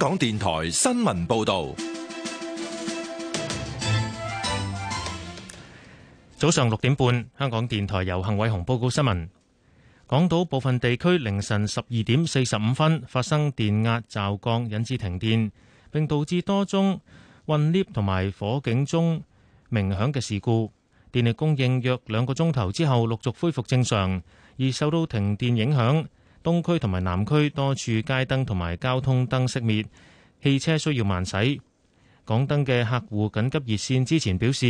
香港電台新聞報道：早上六點半，香港電台由幸偉雄報告新聞。港島部分地區凌晨十二點四十五分發生電壓驟降，引致停電，並導致多宗困 𨋢 同埋火警鐘鳴響嘅事故。電力供應約兩個鐘頭之後陸續恢復正常，而受到停電影響，東區同埋南區多處街燈同埋交通燈熄滅，汽車需要慢駛。港燈嘅客戶緊急熱線之前表示，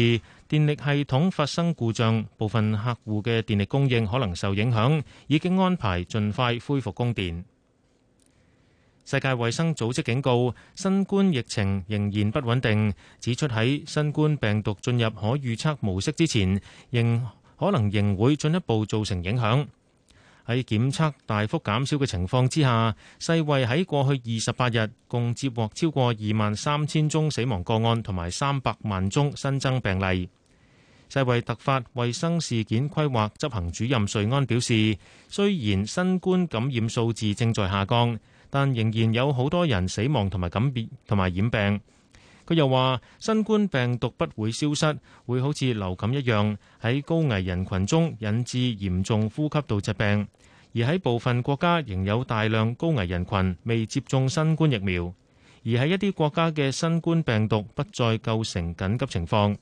電力系統發生故障，部分客戶嘅電力供應可能受影響，已經安排盡快恢復供電。世界衛生組織警告，新冠疫情仍然不穩定，指出喺新冠病毒進入可預測模式之前，仍可能仍會進一步造成影響。喺檢測大幅減少嘅情況之下，世衛喺過去二十八日共接獲超過二萬三千宗死亡個案，同埋三百萬宗新增病例。世衛突發衛生事件規劃執行主任瑞安表示，雖然新冠感染數字正在下降，但仍然有好多人死亡同埋感染同埋染病。佢又話：新冠病毒不會消失，會好似流感一樣喺高危人群中引致嚴重呼吸道疾病。而喺部分國家仍有大量高危人群未接種新冠疫苗，而喺一啲國家嘅新冠病毒不再構成緊急情況。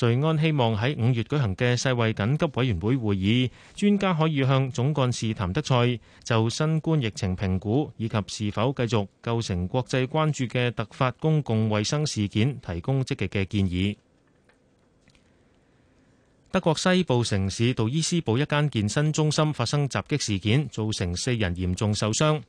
瑞安希望喺五月舉行嘅世衛緊急委員會會議，專家可以向總幹事譚德塞就新冠疫情評估以及是否繼續構成國際關注嘅突發公共衛生事件提供積極嘅建議。德國西部城市杜伊斯堡一間健身中心發生襲擊事件，造成四人嚴重受傷。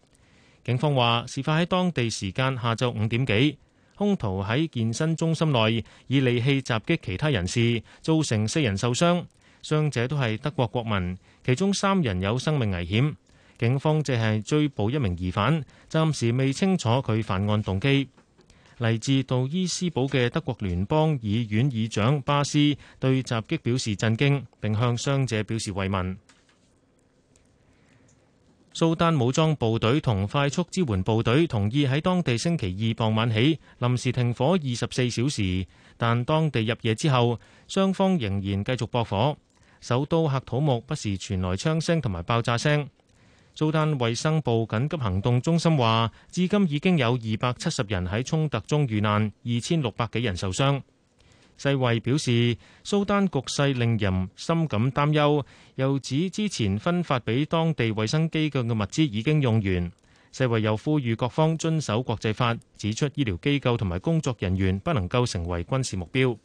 警方話，事發喺當地時間下晝五點幾，兇徒喺健身中心內以利器襲擊其他人士，造成四人受傷，傷者都係德國國民，其中三人有生命危險。警方正係追捕一名疑犯，暫時未清楚佢犯案動機。嚟自杜伊斯堡嘅德國聯邦議院議長巴斯對襲擊表示震驚，並向傷者表示慰問。蘇丹武裝部隊同快速支援部隊同意喺當地星期二傍晚起臨時停火二十四小時，但當地入夜之後，雙方仍然繼續駁火。首都喀土木不時傳來槍聲同埋爆炸聲。蘇丹衛生部緊急行動中心話，至今已經有二百七十人喺衝突中遇難，二千六百幾人受傷。世衛表示，蘇丹局勢令人深感擔憂，又指之前分發俾當地衛生機構嘅物資已經用完。世衛又呼籲各方遵守國際法，指出醫療機構同埋工作人員不能夠成為軍事目標。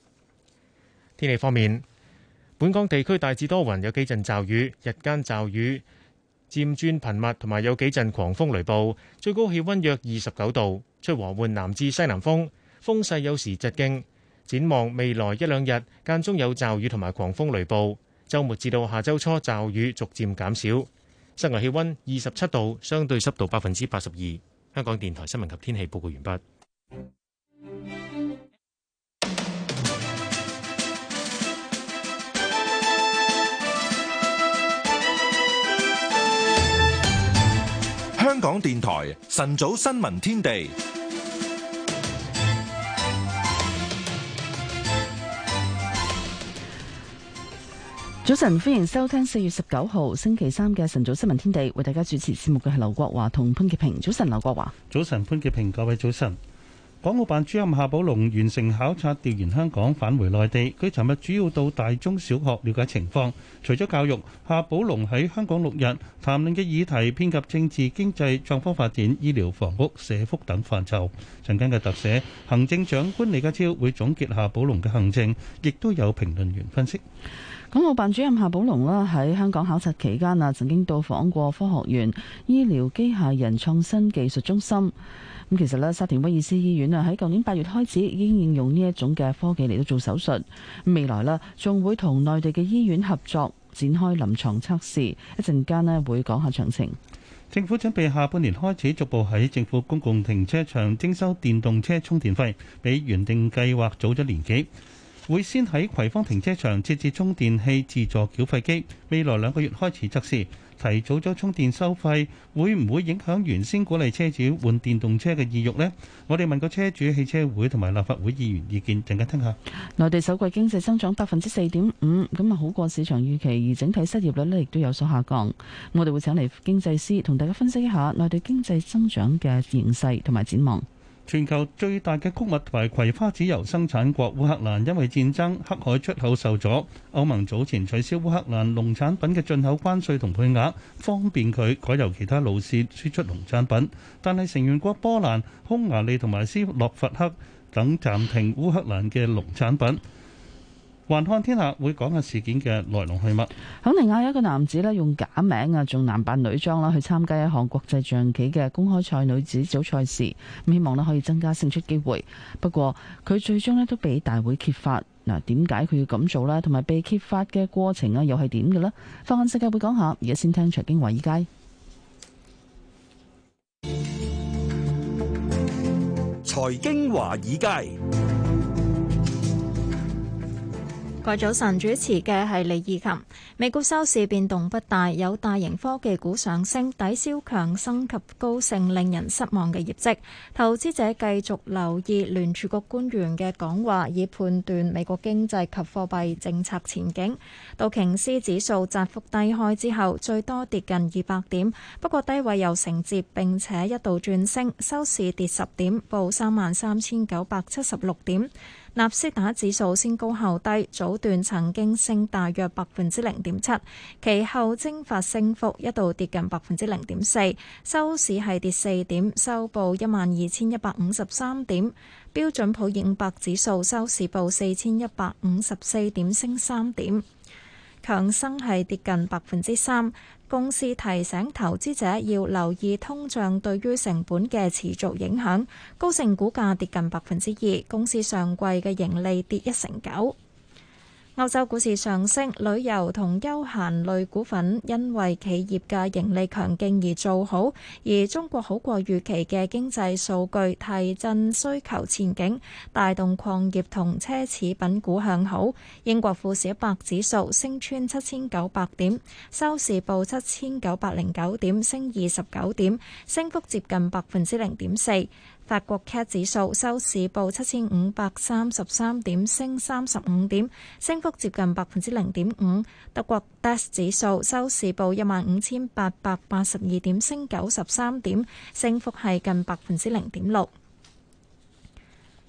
天氣方面，本港地區大致多雲，有幾陣驟雨，日間驟雨漸轉頻密，同埋有幾陣狂風雷暴，最高氣溫約二十九度，吹和緩南至西南風，風勢有時疾勁。展望未來一兩日，間中有驟雨同埋狂風雷暴，週末至到下週初驟雨逐漸減少。室外氣溫二十七度，相對濕度百分之八十二。香港電台新聞及天氣報告完畢。香港電台晨早新聞天地，早晨，歡迎收聽四月十九號星期三嘅晨早新聞天地，為大家主持節目嘅係劉國華同潘潔平。早晨，劉國華。早晨，潘潔平。各位早晨。港澳辦主任夏寶龍完成考察調研香港返回內地，佢尋日主要到大中小學了解情況。除咗教育，夏寶龍喺香港六日談論嘅議題遍及政治、經濟、創科發展、醫療、房屋、社福等範疇。陣間嘅特寫，行政長官李家超會總結夏寶龍嘅行政，亦都有評論員分析。港澳辦主任夏寶龍啦喺香港考察期間啊，曾經到訪過科學園、醫療機械人創新技術中心。咁其實咧，沙田威爾斯醫院啊，喺舊年八月開始已經應用呢一種嘅科技嚟到做手術，未來咧，仲會同內地嘅醫院合作，展開臨床測試。一陣間咧，會講下詳情。政府準備下半年開始逐步喺政府公共停車場徵收電動車充電費，比原定計劃早咗年幾。會先喺葵芳停車場設置充電器自助繳費機，未來兩個月開始測試。提早咗充電收費會唔會影響原先鼓勵車主換電動車嘅意欲呢？我哋問個車主、汽車會同埋立法會議員意見，陣間聽下。內地首季經濟增長百分之四點五，咁啊好過市場預期，而整體失業率呢亦都有所下降。我哋會請嚟經濟師同大家分析一下內地經濟增長嘅形勢同埋展望。全球最大嘅穀物同葵花籽油生產國烏克蘭，因為戰爭，黑海出口受阻，歐盟早前取消烏克蘭農產品嘅進口關稅同配額，方便佢改由其他路綫輸出農產品。但係成員國波蘭、匈牙利同埋斯洛伐克等暫停烏克蘭嘅農產品。橫看天下會講下事件嘅來龍去脈。肯尼亞有一個男子呢，用假名啊，仲男扮女裝啦，去參加一項國際象棋嘅公開賽女子組賽事，希望呢可以增加勝出機會。不過佢最終呢都俾大會揭發。嗱，點解佢要咁做咧？同埋被揭發嘅過程啊，又係點嘅呢？橫看世界會講下，而家先聽財經華爾街。財經華爾街。各位早晨，主持嘅係李怡琴。美股收市變動不大，有大型科技股上升抵消強生及高盛令人失望嘅業績。投資者繼續留意聯儲局官員嘅講話，以判斷美國經濟及貨幣政策前景。道瓊斯指數窄幅低開之後，最多跌近二百點，不過低位又承接並且一度轉升，收市跌十點，報三萬三千九百七十六點。納斯達指數先高後低，早段曾經升大約百分之零點七，其後蒸發升幅一度跌近百分之零點四，收市係跌四點，收報一萬二千一百五十三點。標準普爾五百指數收市報四千一百五十四點，升三點，強生係跌近百分之三。公司提醒投資者要留意通脹對於成本嘅持續影響，高盛股價跌近百分之二，公司上季嘅盈利跌一成九。歐洲股市上升，旅遊同休閒類股份因為企業嘅盈利強勁而做好，而中國好過預期嘅經濟數據提振需求前景，帶動礦業同奢侈品股向好。英國富時一百指數升穿七千九百點，收市報七千九百零九點，升二十九點，升幅接近百分之零點四。法國 CAC 指數收市報七千五百三十三點，升三十五點，升幅接近百分之零點五。德國 DAX 指數收市報一萬五千八百八十二點，升九十三點，升幅係近百分之零點六。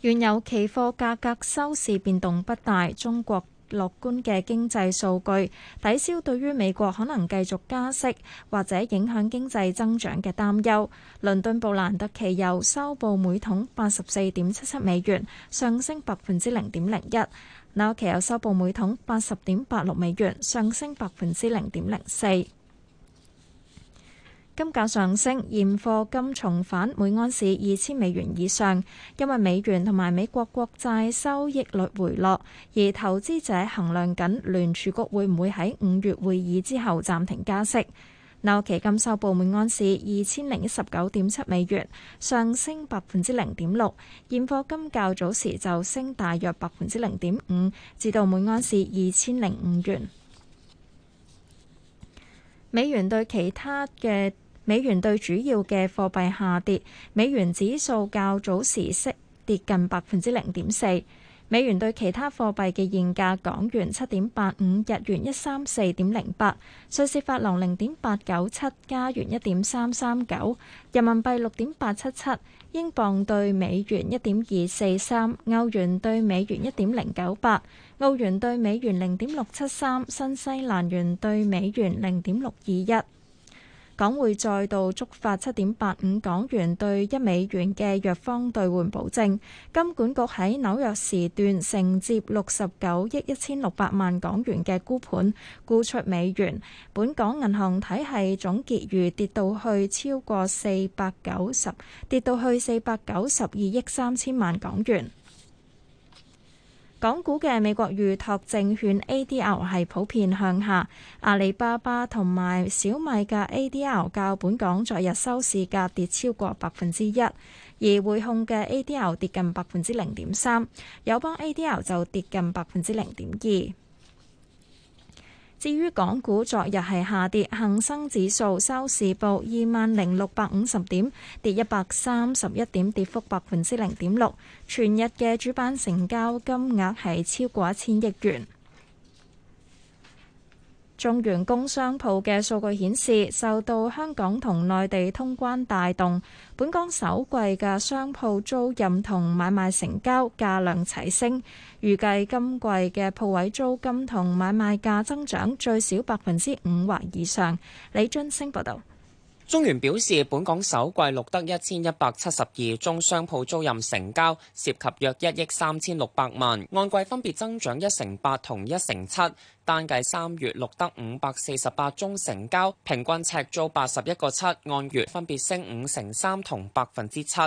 原油期貨價格收市變動不大，中國。樂觀嘅經濟數據抵消對於美國可能繼續加息或者影響經濟增長嘅擔憂。倫敦布蘭特期油收報每桶八十四點七七美元，上升百分之零點零一；紐約期油收報每桶八十點八六美元，上升百分之零點零四。金價上升，現貨金重返每盎司二千美元以上，因為美元同埋美國國債收益率回落，而投資者衡量緊聯儲局會唔會喺五月會議之後暫停加息。紐期金收報每盎司二千零一十九點七美元，上升百分之零點六。現貨金較早時就升大約百分之零點五，至到每盎司二千零五元。美元對其他嘅美元對主要嘅貨幣下跌，美元指數較早時息跌近百分之零點四。美元對其他貨幣嘅現價：港元七點八五，日元一三四點零八，瑞士法郎零點八九七，加元一點三三九，人民幣六點八七七，英鎊對美元一點二四三，歐元對美元一點零九八。澳元兌美元零點六七三，新西蘭元兌美元零點六二一。港匯再度觸發七點八五港元兌一美元嘅弱方兌換保證，金管局喺紐約時段承接六十九億一千六百萬港元嘅沽盤，沽出美元。本港銀行體系總結餘跌到去超過四百九十，跌到去四百九十二億三千萬港元。港股嘅美國預託證券 ADL 係普遍向下，阿里巴巴同埋小米嘅 ADL 較本港昨日收市價跌超過百分之一，而匯控嘅 ADL 跌近百分之零點三，友邦 ADL 就跌近百分之零點二。至於港股昨日係下跌，恒生指數收市報二萬零六百五十點，跌一百三十一點，跌幅百分之零點六。全日嘅主板成交金額係超過一千億元。中原工商鋪嘅數據顯示，受到香港同內地通關帶動，本港首季嘅商鋪租賃同買賣成交價量齊升，預計今季嘅鋪位租金同買賣價增長最少百分之五或以上。李津升報導。中原表示，本港首季錄得一千一百七十二宗商鋪租賃成交，涉及約一億三千六百萬，按季分別增長一成八同一成七。單計三月錄得五百四十八宗成交，平均尺租八十一個七，按月分別升五成三同百分之七。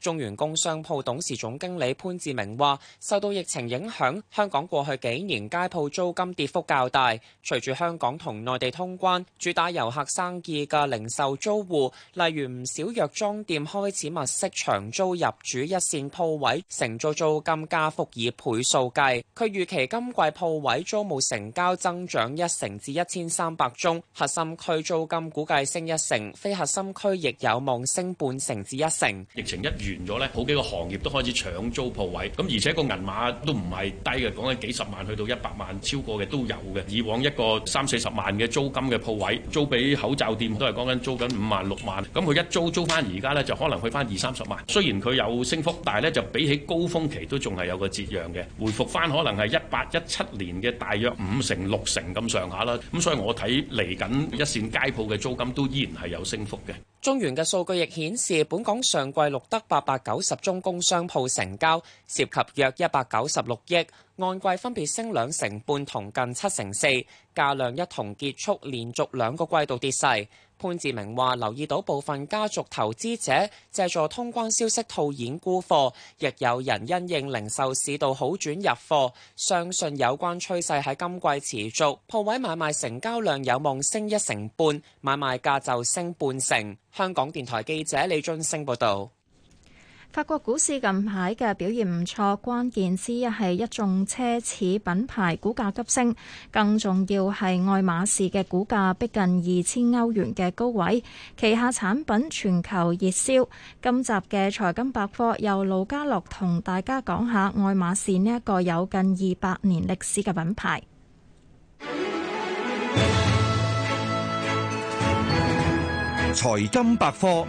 中原工商鋪董事總經理潘志明話：受到疫情影響，香港過去幾年街鋪租金跌幅較大。隨住香港同內地通關，主打遊客生意嘅零售租戶，例如唔少藥妝店開始物色長租入主一線鋪位，承租租金加幅以倍數計。佢預期今季鋪位租務成交增長一成至一千三百宗，核心區租金估計升一成，非核心區亦有望升半成至一成。疫情一完咗呢，好幾個行業都開始搶租鋪位，咁而且個銀碼都唔係低嘅，講緊幾十萬去到一百萬超過嘅都有嘅。以往一個三四十萬嘅租金嘅鋪位，租俾口罩店都係講緊租緊五萬六萬，咁佢一租租翻而家呢，就可能去翻二三十萬。雖然佢有升幅，但係呢就比起高峰期都仲係有個折讓嘅，回復翻可能係一八一七年嘅大約五成六成咁上下啦。咁所以我睇嚟緊一線街鋪嘅租金都依然係有升幅嘅。中原嘅數據亦顯示，本港上季錄得八八百九十宗工商鋪成交，涉及約一百九十六億，按季分別升兩成半同近七成四，價量一同結束連續兩個季度跌勢。潘志明話：留意到部分家族投資者借助通關消息套現沽貨，亦有人因應零售市道好轉入貨，相信有關趨勢喺今季持續。鋪位買賣成交量有望升一成半，買賣價就升半成。香港電台記者李俊升報道。法國股市近排嘅表現唔錯，關鍵之一係一眾奢侈品牌股價急升，更重要係愛馬仕嘅股價逼近二千歐元嘅高位，旗下產品全球熱銷。今集嘅財金百科由盧家樂同大家講下愛馬仕呢一個有近二百年歷史嘅品牌。財金百科。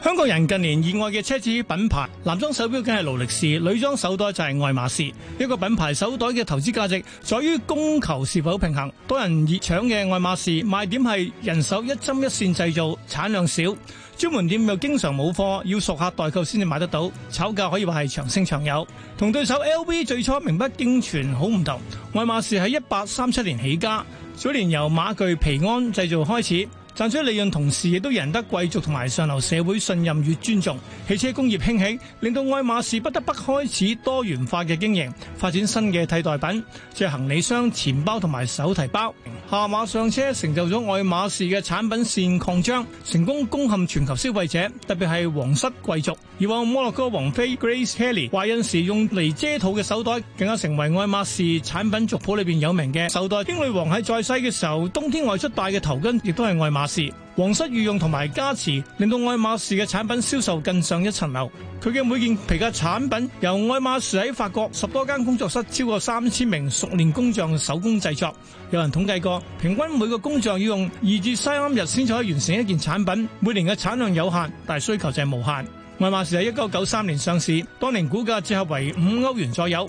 香港人近年熱愛嘅奢侈品牌，男裝手表梗係勞力士，女裝手袋就係愛馬仕。一個品牌手袋嘅投資價值，在於供求是否平衡。多人熱搶嘅愛馬仕賣點係人手一針一線製造，產量少，專門店又經常冇貨，要熟客代購先至買得到。炒價可以話係長生長有。同對手 L V 最初名不經傳好唔同，愛馬仕喺一八三七年起家，早年由馬具皮鞍製造開始。賺取利潤同時，亦都贏得貴族同埋上流社會信任與尊重。汽車工業興起，令到愛馬仕不得不開始多元化嘅經營，發展新嘅替代品，即係行李箱、錢包同埋手提包。下馬上車成就咗愛馬仕嘅產品線擴張，成功攻陷全球消費者，特別係皇室貴族。以往摩洛哥王妃 Grace Kelly，懷孕時用嚟遮肚嘅手袋，更加成為愛馬仕產品族譜裏邊有名嘅手袋。英女王喺在，在世嘅時候，冬天外出戴嘅頭巾，亦都係愛馬。皇室御用同埋加持，令到愛馬仕嘅產品銷售更上一層樓。佢嘅每件皮革產品由愛馬仕喺法國十多間工作室，超過三千名熟練工匠手工製作。有人統計過，平均每個工匠要用二至三日先至可以完成一件產品。每年嘅產量有限，但係需求就係無限。愛馬仕喺一九九三年上市，當年股價折合為五歐元左右。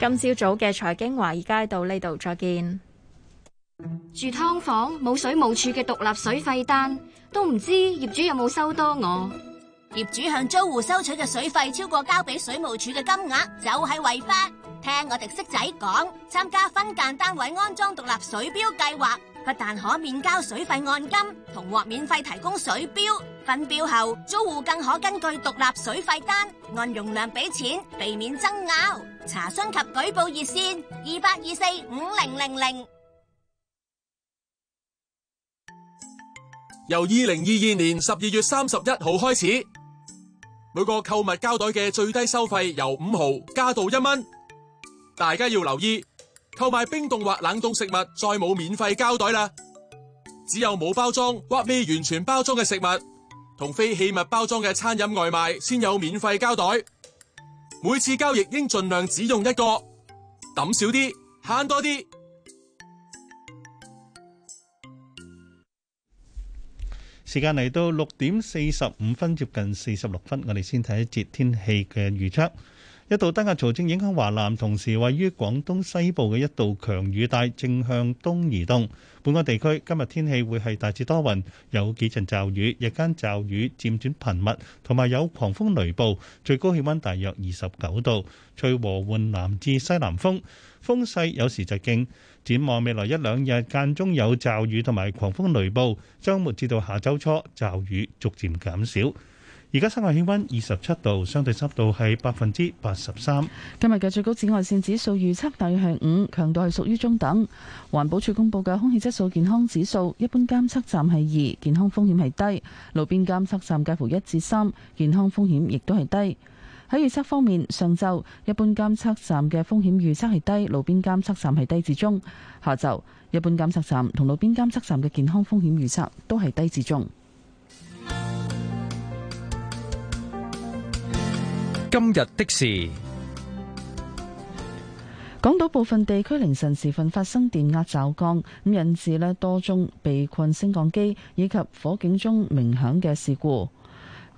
今朝早嘅財經華爾街到呢度再見。住劏房冇水務處嘅獨立水費單，都唔知業主有冇收多我。業主向租戶收取嘅水費超過交俾水務處嘅金額，就係違法。聽我哋識仔講，參加分間單位安裝獨立水表計劃。不但可免交水費按金，同獲免費提供水表、分表後，租戶更可根據獨立水費單按容量畀錢，避免爭拗。查詢及舉報熱線：二八二四五零零零。由二零二二年十二月三十一號開始，每個購物膠袋嘅最低收費由五毫加到一蚊，大家要留意。購買冰凍或冷凍食物，再冇免費膠袋啦，只有冇包裝或未完全包裝嘅食物，同非器物包裝嘅餐飲外賣，先有免費膠袋。每次交易應盡量只用一個，抌少啲，慳多啲。時間嚟到六點四十五分，接近四十六分，我哋先睇一節天氣嘅預測。一度低壓槽正影響華南，同時位於廣東西部嘅一道強雨帶正向東移動，本港地區今日天氣會係大致多雲，有幾陣驟雨，日間驟雨漸轉頻密，同埋有狂風雷暴，最高氣溫大約二十九度，吹和緩南至西南風，風勢有時疾勁。展望未來一兩日間中有驟雨同埋狂風雷暴，周末至到下周初驟雨逐漸減少。而家室外氣溫二十七度，相對濕度係百分之八十三。今日嘅最高紫外線指數預測大約係五，強度係屬於中等。環保署公布嘅空氣質素健康指數，一般監測站係二，健康風險係低；路邊監測站介乎一至三，3，健康風險亦都係低。喺預測方面，上晝一般監測站嘅風險預測係低，路邊監測站係低至中。下晝一般監測站同路邊監測站嘅健康風險預測都係低至中。今日的事，港島部分地區凌晨時分發生電壓驟降，咁引致咧多宗被困升降機以及火警中鳴響嘅事故。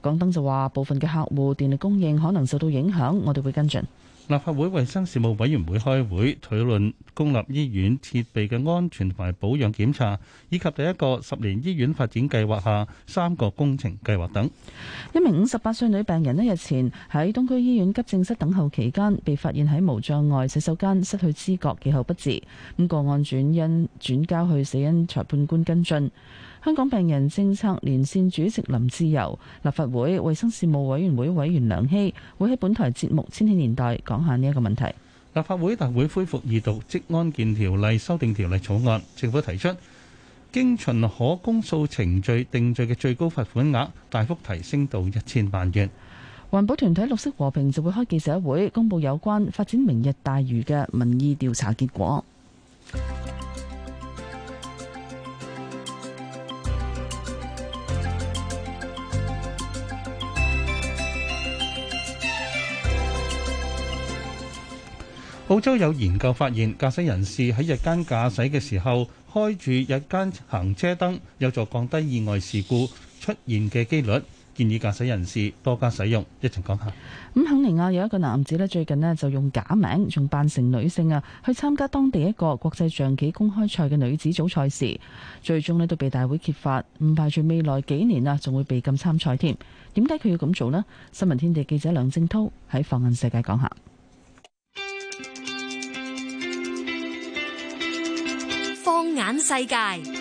港燈就話部分嘅客戶電力供應可能受到影響，我哋會跟進。立法會衛生事務委員會開會討論公立醫院設備嘅安全同埋保養檢查，以及第一個十年醫院發展計劃下三個工程計劃等。一名五十八歲女病人咧，日前喺東區醫院急症室等候期間，被發現喺無障礙洗手間失去知覺，其後不治。咁個案轉因轉交去死因裁判官跟進。香港病人政策連線主席林志由立法會衛生事務委員會委員梁希會喺本台節目《千禧年代》講下呢一個問題。立法會大會恢復二讀《職安健條例》修訂條例草案，政府提出經循可公訴程序定罪嘅最高罰款額大幅提升到一千萬元。環保團體綠色和平就會開記者會公布有關發展明日大嶼嘅民意調查結果。澳洲有研究發現，駕駛人士喺日間駕駛嘅時候開住日間行車燈，有助降低意外事故出現嘅機率，建議駕駛人士多加使用。一陣講一下。咁肯尼亞有一個男子咧，最近咧就用假名，仲扮成女性啊，去參加當地一個國際象棋公開賽嘅女子組賽事，最終咧都被大會揭發，唔排除未來幾年啊，仲會被禁參賽添。點解佢要咁做呢？新聞天地記者梁正滔喺放眼世界講下。放眼世界。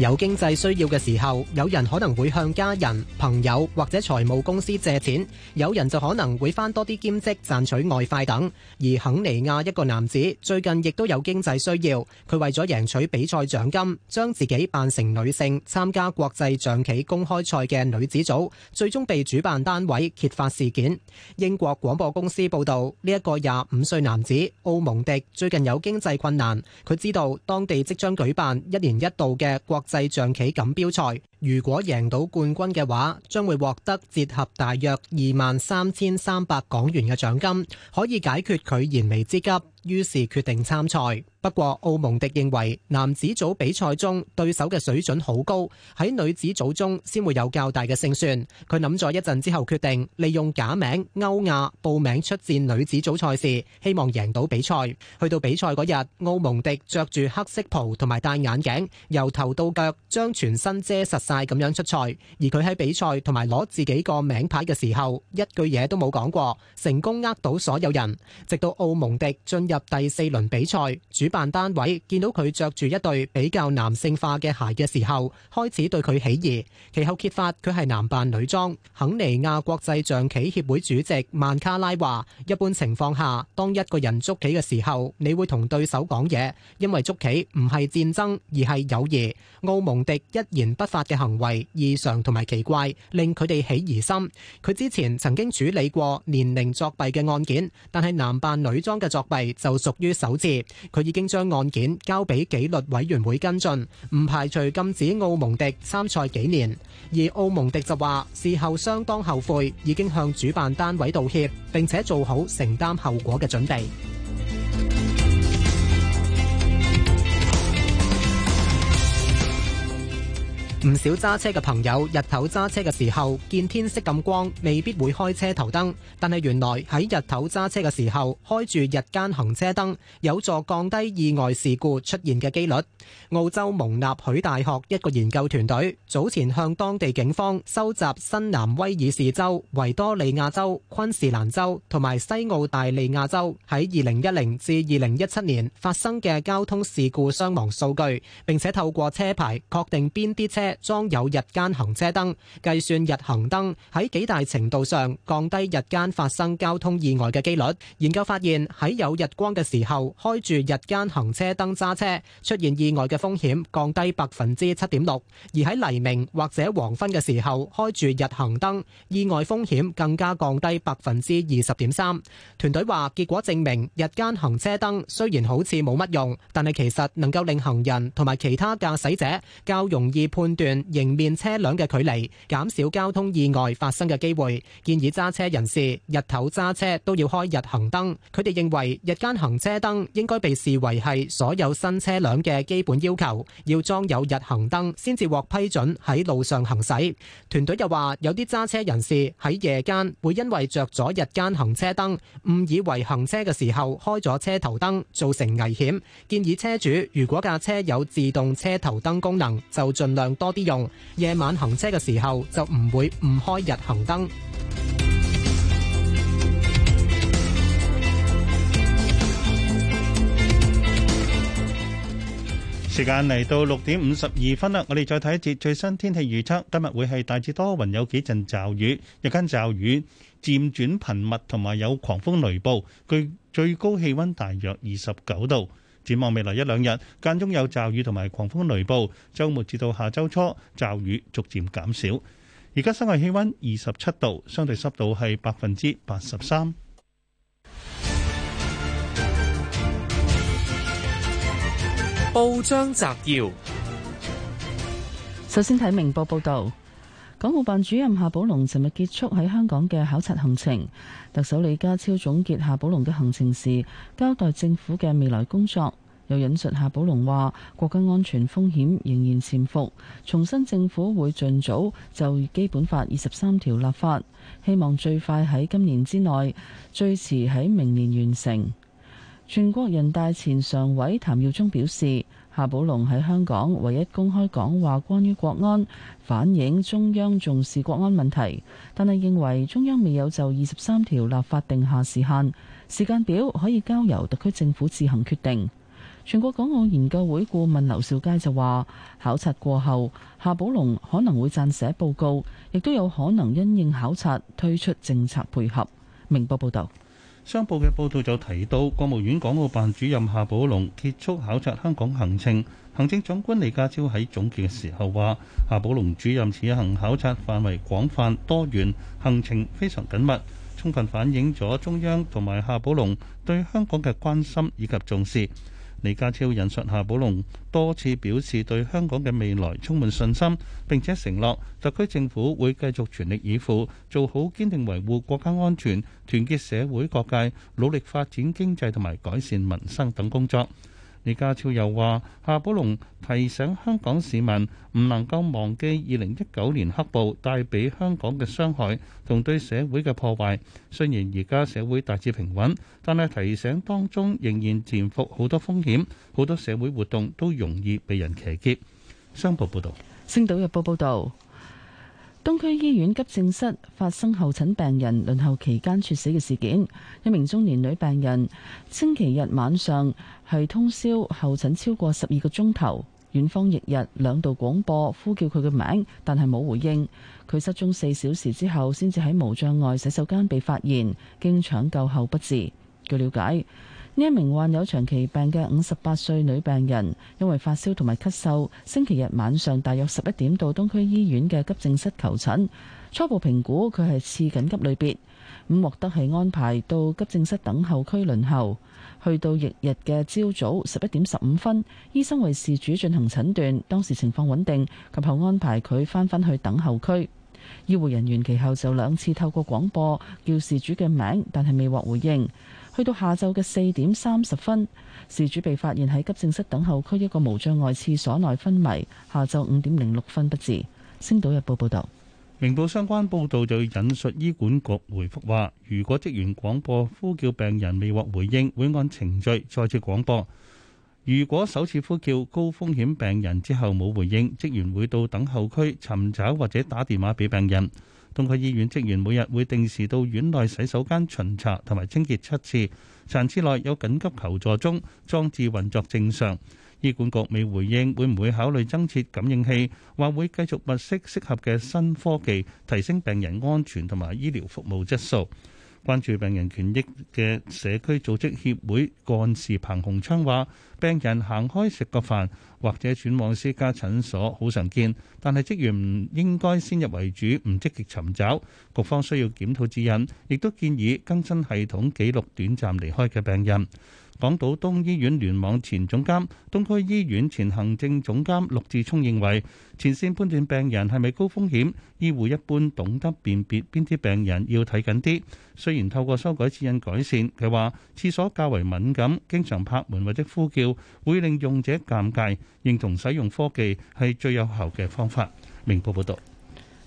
有經濟需要嘅時候，有人可能會向家人、朋友或者財務公司借錢，有人就可能會翻多啲兼職賺取外快等。而肯尼亞一個男子最近亦都有經濟需要，佢為咗贏取比賽獎金，將自己扮成女性參加國際象棋公開賽嘅女子組，最終被主辦單位揭發事件。英國廣播公司報導，呢一個廿五歲男子奧蒙迪最近有經濟困難，佢知道當地即將舉辦一年一度嘅國國際象棋錦標賽，如果贏到冠軍嘅話，將會獲得折合大約二萬三千三百港元嘅獎金，可以解決佢燃眉之急。於是決定參賽。不過奧蒙迪認為男子組比賽中對手嘅水準好高，喺女子組中先會有較大嘅勝算。佢諗咗一陣之後，決定利用假名歐亞報名出戰女子組賽事，希望贏到比賽。去到比賽嗰日，奧蒙迪著住黑色袍同埋戴眼鏡，由頭到腳將全身遮實晒咁樣出賽。而佢喺比賽同埋攞自己個名牌嘅時候，一句嘢都冇講過，成功呃到所有人。直到奧蒙迪進入第四輪比賽，主辦單位見到佢着住一對比較男性化嘅鞋嘅時候，開始對佢起疑。其後揭發佢係男扮女裝。肯尼亞國際象棋協會主席曼卡拉話，一般情況下，當一個人捉棋嘅時候，你會同對手講嘢，因為捉棋唔係戰爭，而係友誼。奧蒙迪一言不發嘅行為異常同埋奇怪，令佢哋起疑心。佢之前曾經處理過年齡作弊嘅案件，但係男扮女裝嘅作弊。就屬於首次，佢已經將案件交畀紀律委員會跟進，唔排除禁止奧蒙迪參賽幾年。而奧蒙迪就話，事後相當後悔，已經向主辦單位道歉，並且做好承擔後果嘅準備。唔少揸車嘅朋友，日頭揸車嘅時候見天色咁光，未必會開車頭燈。但係原來喺日頭揸車嘅時候，開住日間行車燈，有助降低意外事故出現嘅幾率。澳洲蒙納許大學一個研究團隊早前向當地警方收集新南威爾士州、維多利亞州、昆士蘭州同埋西澳大利亞州喺二零一零至二零一七年發生嘅交通事故傷亡數據，並且透過車牌確定邊啲車，裝有日間行車燈，計算日行燈喺幾大程度上降低日間發生交通意外嘅機率。研究發現喺有日光嘅時候開住日間行車燈揸車，出現意外嘅風險降低百分之七點六；而喺黎明或者黃昏嘅時候開住日行燈，意外風險更加降低百分之二十點三。團隊話，結果證明日間行車燈雖然好似冇乜用，但係其實能夠令行人同埋其他駕駛者較容易判。段迎面車輛嘅距離，減少交通意外發生嘅機會。建議揸車人士日頭揸車都要開日行燈，佢哋認為日間行車燈應該被視為係所有新車輛嘅基本要求，要裝有日行燈先至獲批准喺路上行駛。團隊又話有啲揸車人士喺夜間會因為着咗日間行車燈，誤以為行車嘅時候開咗車頭燈造成危險，建議車主如果架車有自動車頭燈功能，就盡量多多啲用，夜晚行車嘅時候就唔會唔開日行燈。時間嚟到六點五十二分啦，我哋再睇一節最新天氣預測。今日會係大致多雲，有幾陣驟雨，日間驟雨漸轉頻密，同埋有狂風雷暴。據最高氣溫大約二十九度。展望未來一兩日，間中有驟雨同埋狂風雷暴。週末至到下周初，驟雨逐漸減少。而家室外氣温二十七度，相對濕度係百分之八十三。報章摘要，首先睇明報報道。港澳辦主任夏寶龍尋日結束喺香港嘅考察行程，特首李家超總結夏寶龍嘅行程時，交代政府嘅未來工作，又引述夏寶龍話：國家安全風險仍然潛伏，重申政府會盡早就基本法二十三條立法，希望最快喺今年之內，最遲喺明年完成。全國人大前常委譚耀宗表示：夏寶龍喺香港唯一公開講話關於國安，反映中央重視國安問題，但係認為中央未有就二十三條立法定下時限時間表，可以交由特區政府自行決定。全國港澳研究會顧問劉兆佳就話：考察過後，夏寶龍可能會撰寫報告，亦都有可能因應考察推出政策配合。明報報道。商報嘅報道就提到，國務院港澳辦主任夏寶龍結束考察香港行程，行政長官李家超喺總結嘅時候話：夏寶龍主任此行考察範圍廣泛多元，行程非常緊密，充分反映咗中央同埋夏寶龍對香港嘅關心以及重視。李家超引述夏寶龍多次表示對香港嘅未來充滿信心，並且承諾特區政府會繼續全力以赴做好堅定維護國家安全、團結社會各界、努力發展經濟同埋改善民生等工作。李家超又話：夏寶龍提醒香港市民，唔能夠忘記二零一九年黑暴帶俾香港嘅傷害同對社會嘅破壞。雖然而家社會大致平穩，但係提醒當中仍然潛伏好多風險，好多社會活動都容易被人騎劫。商報報導，《星島日報》報導。東區醫院急症室發生候診病人輪候期間猝死嘅事件，一名中年女病人星期日晚上係通宵候診超過十二個鐘頭，院方翌日兩度廣播呼叫佢嘅名，但係冇回應，佢失蹤四小時之後，先至喺無障礙洗手間被發現，經搶救後不治。據了解，一名患有長期病嘅五十八歲女病人，因為發燒同埋咳嗽，星期日晚上大約十一點到東區醫院嘅急症室求診。初步評估佢係次緊急類別，咁、嗯、獲得係安排到急症室等候區輪候。去到翌日嘅朝早十一點十五分，醫生為事主進行診斷，當時情況穩定，及後安排佢翻返去等候區。醫護人員其後就兩次透過廣播叫事主嘅名，但係未獲回應。去到下晝嘅四點三十分，事主被發現喺急症室等候區一個無障礙廁所內昏迷，下晝五點零六分不治。星島日報報道。明報相關報道就引述醫管局回覆話，如果職員廣播呼叫病人未獲回應，會按程序再次廣播。如果首次呼叫高風險病人之後冇回應，職員會到等候區尋找或者打電話俾病人。東區醫院職員每日會定時到院內洗手間巡查同埋清潔七次，殘次內有緊急求助鐘，裝置運作正常。醫管局未回應會唔會考慮增設感應器，或會繼續物色適合嘅新科技，提升病人安全同埋醫療服務質素。關注病人權益嘅社區組織協會幹事彭洪昌話：病人行開食個飯或者轉往私家診所好常見，但係職員唔應該先入為主，唔積極尋找。局方需要檢討指引，亦都建議更新系統記錄短暫離開嘅病人。港島東醫院聯網前總監、東區醫院前行政總監陸志聰認為，前線判斷病人係咪高風險，醫護一般懂得辨別邊啲病人要睇緊啲。雖然透過修改指引改善，佢話廁所較為敏感，經常拍門或者呼叫會令用者尷尬，認同使用科技係最有效嘅方法。明報報道。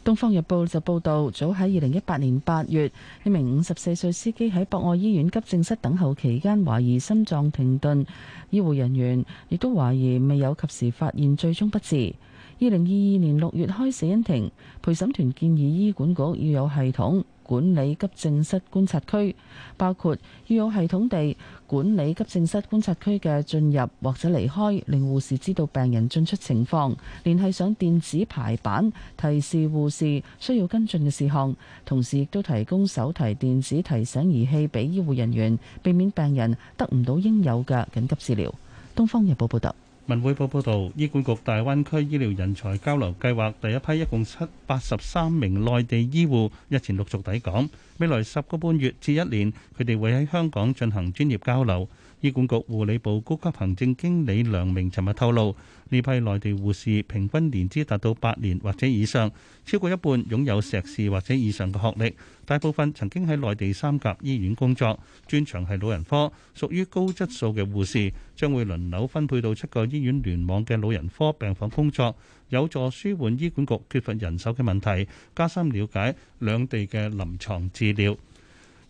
《東方日報》就報導，早喺二零一八年八月，一名五十四歲司機喺博愛醫院急症室等候期間，懷疑心臟停頓，醫護人員亦都懷疑未有及時發現，最終不治。二零二二年六月開死因庭，陪審團建議醫管局要有系統管理急症室觀察區，包括要有系統地管理急症室觀察區嘅進入或者離開，令護士知道病人進出情況，聯繫上電子排版提示護士需要跟進嘅事項，同時亦都提供手提電子提醒儀器俾醫護人員，避免病人得唔到應有嘅緊急治療。東方日報報道。文匯報報道，醫管局大灣區醫療人才交流計劃第一批一共七八十三名內地醫護日前陸續抵港，未來十個半月至一年，佢哋會喺香港進行專業交流。醫管局護理部高級行政經理梁明尋日透露，呢批內地護士平均年資達到八年或者以上，超過一半擁有碩士或者以上嘅學歷，大部分曾經喺內地三甲醫院工作，專長係老人科，屬於高質素嘅護士，將會輪流分配到七個醫院聯網嘅老人科病房工作，有助舒緩醫管局缺乏人手嘅問題，加深了解兩地嘅臨床治療。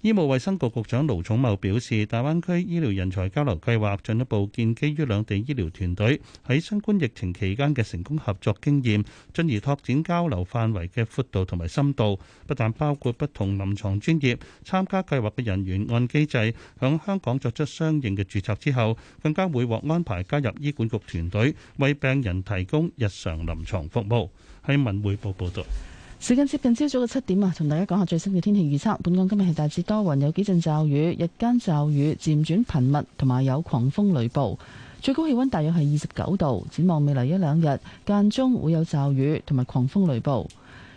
醫務衛生局局長盧寵茂表示，大灣區醫療人才交流計劃進一步建基於兩地醫療團隊喺新冠疫情期間嘅成功合作經驗，進而拓展交流範圍嘅闊度同埋深度。不但包括不同臨床專業，參加計劃嘅人員按機制向香港作出相應嘅註冊之後，更加會獲安排加入醫管局團隊，為病人提供日常臨床服務。喺文匯報報道。時間接近朝早嘅七點啊，同大家講下最新嘅天氣預測。本港今日係大致多雲，有幾陣驟雨，日間驟雨漸轉頻密，同埋有狂風雷暴。最高氣溫大約係二十九度。展望未來一兩日，間中會有驟雨同埋狂風雷暴。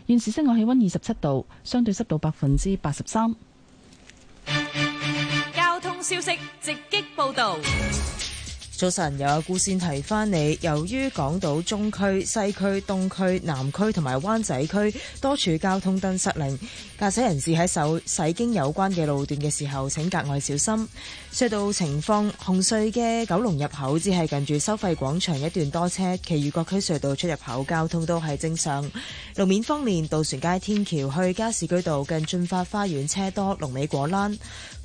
現時室外氣溫二十七度，相對濕度百分之八十三。交通消息直擊報道。早晨，又有顧先提返你。由於港島中區、西區、東區、南區同埋灣仔區多處交通燈失靈，駕駛人士喺走駛經有關嘅路段嘅時候請格外小心。隧道情況，紅隧嘅九龍入口只係近住收費廣場一段多車，其餘各區隧道出入口交通都係正常。路面方面，渡船街天橋去加士居道近駿發花園車多，龍尾果欄。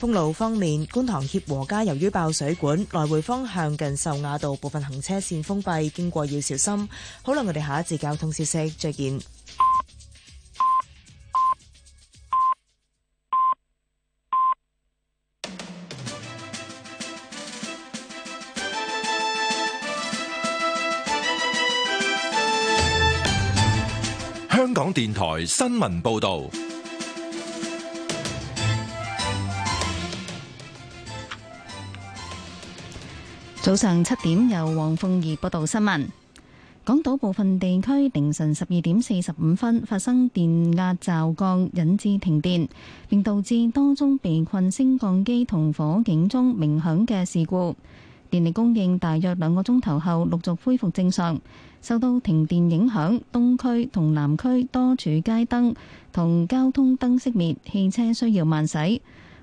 封路方面，觀塘協和街由於爆水管，來回方向近秀雅道部分行車線封閉，經過要小心。好啦，我哋下一節交通消息，再見。香港電台新聞報道。早上七點，由黃鳳儀報道新聞。港島部分地區凌晨十二點四十五分發生電壓驟降，降，引致停電，並導致多宗被困升降機同火警鐘鳴響嘅事故。電力供應大約兩個鐘頭後陸續恢復正常。受到停電影響，東區同南區多處街燈同交通燈熄滅，汽車需要慢駛。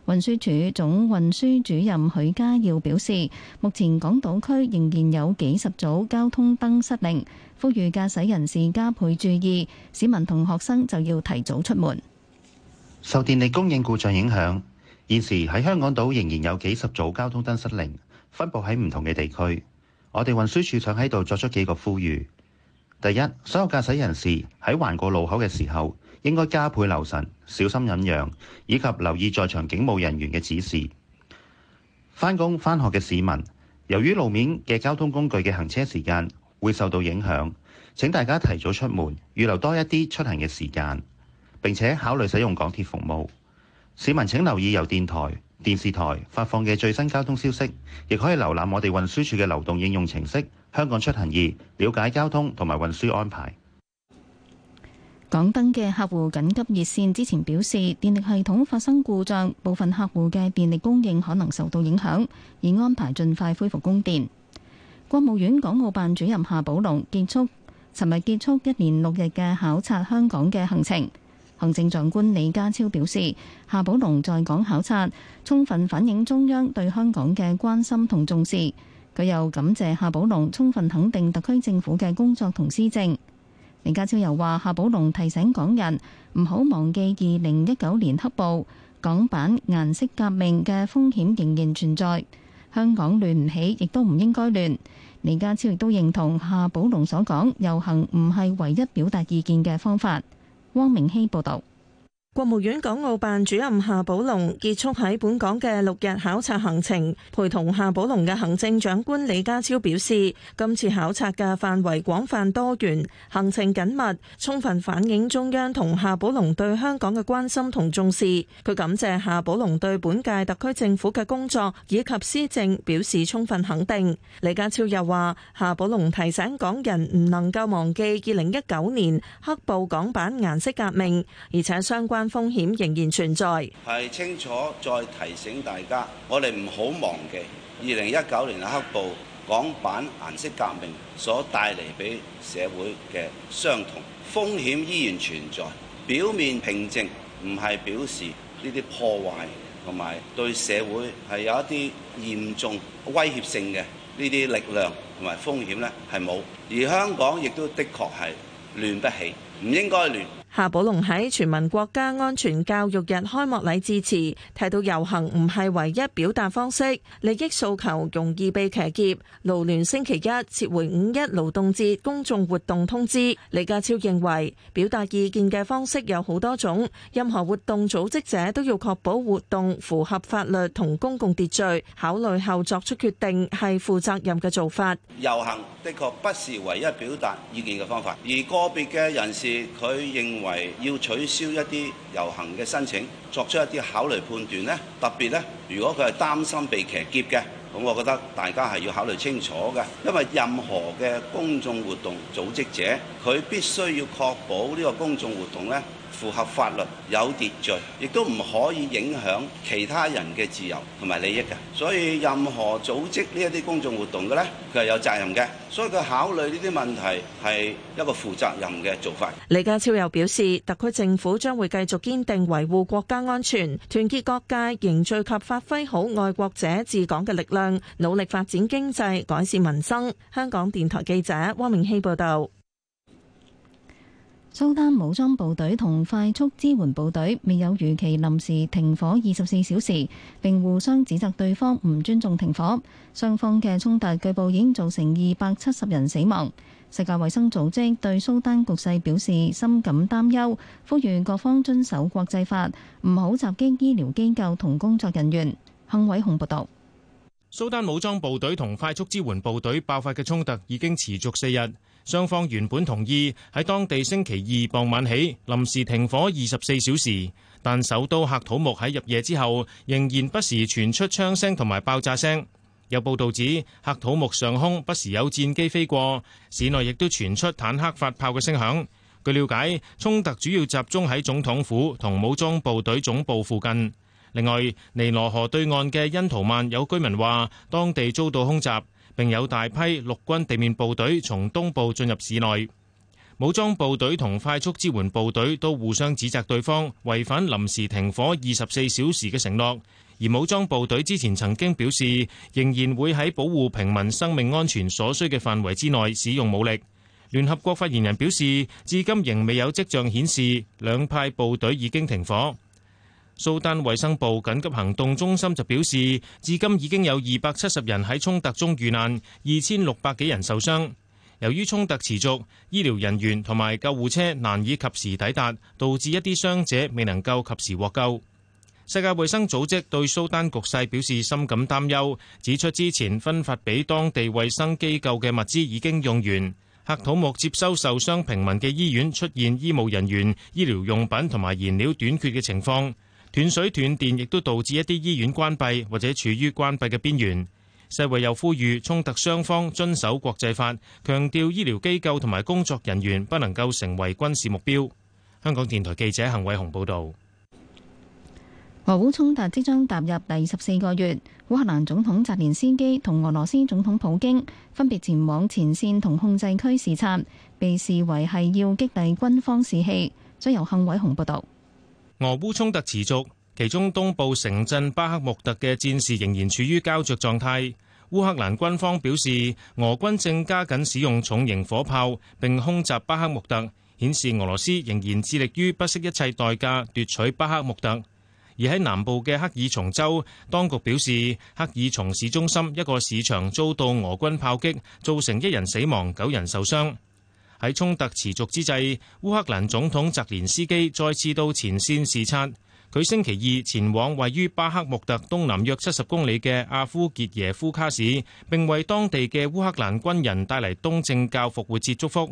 運輸署總運輸主任許家耀表示，目前港島區仍然有幾十組交通燈失靈，呼籲駕駛人士加倍注意。市民同學生就要提早出門。受電力供應故障影響，現時喺香港島仍然有幾十組交通燈失靈，分布喺唔同嘅地區。我哋運輸署想喺度作出幾個呼籲。第一，所有駕駛人士喺橫過路口嘅時候，應該加倍留神，小心忍讓，以及留意在場警務人員嘅指示。返工返學嘅市民，由於路面嘅交通工具嘅行車時間會受到影響，請大家提早出門，預留多一啲出行嘅時間。並且考慮使用港鐵服務。市民請留意由電台、電視台發放嘅最新交通消息，亦可以瀏覽我哋運輸處嘅流動應用程式《香港出行易》，了解交通同埋運輸安排。港燈嘅客戶緊急熱線之前表示，電力系統發生故障，部分客戶嘅電力供應可能受到影響，已安排盡快恢復供電。國務院港澳辦主任夏寶龍結束尋日結束一年六日嘅考察香港嘅行程。行政長官李家超表示，夏寶龍在港考察，充分反映中央對香港嘅關心同重視。佢又感謝夏寶龍充分肯定特區政府嘅工作同施政。李家超又話：夏寶龍提醒港人唔好忘記二零一九年黑暴、港版顏色革命嘅風險仍然存在，香港亂唔起，亦都唔應該亂。李家超亦都認同夏寶龍所講，遊行唔係唯一表達意見嘅方法。汪明希報導。國務院港澳辦主任夏寶龍結束喺本港嘅六日考察行程，陪同夏寶龍嘅行政長官李家超表示，今次考察嘅範圍廣泛多元，行程緊密，充分反映中央同夏寶龍對香港嘅關心同重視。佢感謝夏寶龍對本屆特區政府嘅工作以及施政表示充分肯定。李家超又話，夏寶龍提醒港人唔能夠忘記二零一九年黑暴、港版顏色革命，而且相關風險仍然存在，係清楚再提醒大家，我哋唔好忘記二零一九年嘅黑暴、港版顏色革命所帶嚟俾社會嘅傷痛，風險依然存在。表面平靜唔係表示呢啲破壞同埋對社會係有一啲嚴重威脅性嘅呢啲力量同埋風險咧，係冇，而香港亦都的確係亂不起，唔應該亂。夏寶龍喺全民國家安全教育日開幕禮致辭，提到遊行唔係唯一表達方式，利益訴求容易被騎劫。勞聯星期一撤回五一勞動節公眾活動通知。李家超認為，表達意見嘅方式有好多種，任何活動組織者都要確保活動符合法律同公共秩序，考慮後作出決定係負責任嘅做法。遊行的確不是唯一表達意見嘅方法，而個別嘅人士，佢認。為要取消一啲遊行嘅申請，作出一啲考慮判斷咧，特別咧，如果佢係擔心被騎劫嘅，咁我覺得大家係要考慮清楚嘅，因為任何嘅公眾活動組織者，佢必須要確保呢個公眾活動咧。符合法律，有秩序，亦都唔可以影響其他人嘅自由同埋利益嘅。所以任何組織呢一啲公眾活動嘅咧，佢係有責任嘅。所以佢考慮呢啲問題，係一個負責任嘅做法。李家超又表示，特區政府將會繼續堅定維護國家安全，團結各界，凝聚及發揮好愛國者治港嘅力量，努力發展經濟，改善民生。香港電台記者汪明熙報道。蘇丹武裝部隊同快速支援部隊未有如期臨時停火二十四小時，並互相指責對方唔尊重停火。雙方嘅衝突據報已經造成二百七十人死亡。世界衛生組織對蘇丹局勢表示深感擔憂，呼籲各方遵守國際法，唔好襲擊醫療機構同工作人員。幸偉雄報道。蘇丹武裝部隊同快速支援部隊爆發嘅衝突已經持續四日。雙方原本同意喺當地星期二傍晚起臨時停火二十四小時，但首都喀土穆喺入夜之後仍然不時傳出槍聲同埋爆炸聲。有報導指，喀土穆上空不時有戰機飛過，市內亦都傳出坦克發炮嘅聲響。據了解，衝突主要集中喺總統府同武裝部隊總部附近。另外，尼羅河對岸嘅恩圖曼有居民話，當地遭到空襲。並有大批陸軍地面部隊從東部進入市內，武裝部隊同快速支援部隊都互相指責對方違反臨時停火二十四小時嘅承諾。而武裝部隊之前曾經表示，仍然會喺保護平民生命安全所需嘅範圍之內使用武力。聯合國發言人表示，至今仍未有跡象顯示兩派部隊已經停火。蘇丹衛生部緊急行動中心就表示，至今已經有二百七十人喺衝突中遇難，二千六百幾人受傷。由於衝突持續，醫療人員同埋救護車難以及時抵達，導致一啲傷者未能夠及時獲救。世界衛生組織對蘇丹局勢表示深感擔憂，指出之前分發俾當地衛生機構嘅物資已經用完，喀土穆接收受傷平民嘅醫院出現醫務人員、醫療用品同埋燃料短缺嘅情況。斷水斷電，亦都導致一啲醫院關閉或者處於關閉嘅邊緣。世衛又呼籲衝突雙方遵守國際法，強調醫療機構同埋工作人員不能夠成為軍事目標。香港電台記者幸偉雄報導。俄烏衝突即將踏入第十四個月，烏克蘭總統澤連斯基同俄羅斯總統普京分別前往前線同控制區視察，被視為係要激勵軍方士氣。將由幸偉雄報導。俄烏衝突持續，其中東部城鎮巴克穆特嘅戰事仍然處於膠着狀態。烏克蘭軍方表示，俄軍正加緊使用重型火炮並空襲巴克穆特，顯示俄羅斯仍然致力於不惜一切代價奪取巴克穆特。而喺南部嘅克爾松州，當局表示，克爾松市中心一個市場遭到俄軍炮擊，造成一人死亡、九人受傷。喺衝突持續之際，烏克蘭總統澤連斯基再次到前線視察。佢星期二前往位於巴克穆特東南約七十公里嘅阿夫傑耶夫卡市，並為當地嘅烏克蘭軍人帶嚟東正教復活節祝福。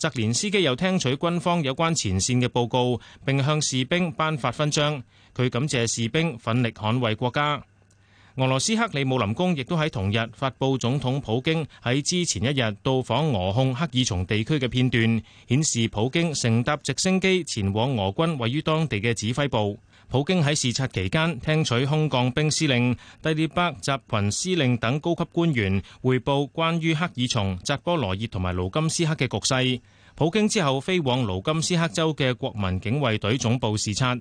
澤連斯基又聽取軍方有關前線嘅報告，並向士兵頒發勳章。佢感謝士兵奮力捍衛國家。俄羅斯克里姆林宮亦都喺同日發佈總統普京喺之前一日到訪俄控赫爾松地區嘅片段，顯示普京乘搭直升機前往俄軍位於當地嘅指揮部。普京喺視察期間聽取空降兵司令、第聶伯集群司令等高級官員匯報關於赫爾松、扎波羅熱同埋盧甘斯克嘅局勢。普京之後飛往盧甘斯克州嘅國民警衛隊總部視察。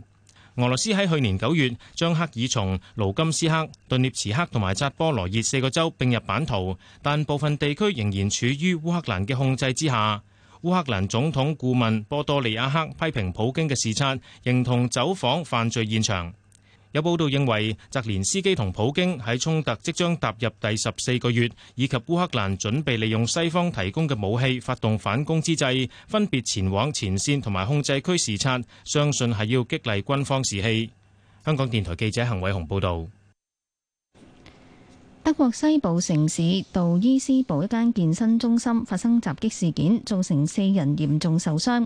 俄羅斯喺去年九月將克爾松、盧甘斯克、頓涅茨克同埋扎波羅熱四個州並入版圖，但部分地區仍然處於烏克蘭嘅控制之下。烏克蘭總統顧問波多利亞克批評普京嘅視察，認同走訪犯罪現場。有報道認為，澤連斯基同普京喺衝突即將踏入第十四個月，以及烏克蘭準備利用西方提供嘅武器發動反攻之際，分別前往前線同埋控制區視察，相信係要激勵軍方士氣。香港電台記者陳偉雄報道：「德國西部城市杜伊斯堡一間健身中心發生襲擊事件，造成四人嚴重受傷。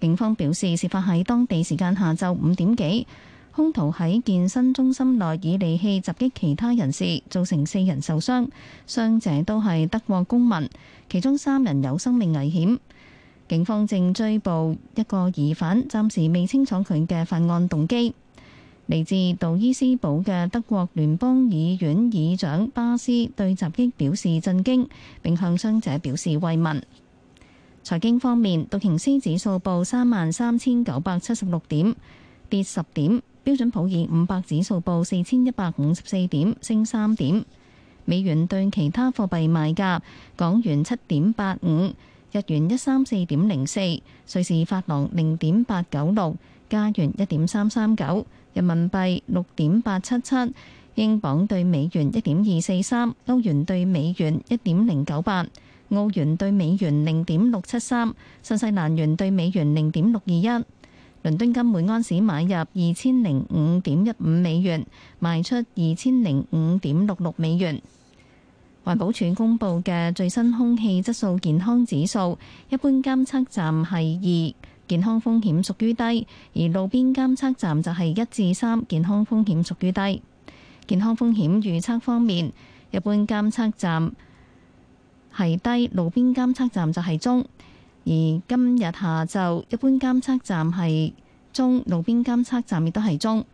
警方表示，事發喺當地時間下晝五點幾。兇徒喺健身中心內以利器襲擊其他人士，造成四人受傷，傷者都係德國公民，其中三人有生命危險。警方正追捕一個疑犯，暫時未清楚佢嘅犯案動機。嚟自杜伊斯堡嘅德國聯邦議院議長巴斯對襲擊表示震驚，並向傷者表示慰問。財經方面，道瓊斯指數報三萬三千九百七十六點。跌十點，標準普爾五百指數報四千一百五十四點，升三點。美元對其他貨幣賣價：港元七點八五，日元一三四點零四，瑞士法郎零點八九六，加元一點三三九，人民幣六點八七七，英鎊對美元一點二四三，歐元對美元一點零九八，澳元對美元零點六七三，新西蘭元對美元零點六二一。倫敦金每安士買入二千零五點一五美元，賣出二千零五點六六美元。環保署公布嘅最新空氣質素健康指數，一般監測站係二，健康風險屬於低；而路邊監測站就係一至三，健康風險屬於低。健康風險預測方面，一般監測站係低，路邊監測站就係中。而今日下晝一般監測站係中，路邊監測站亦都係中。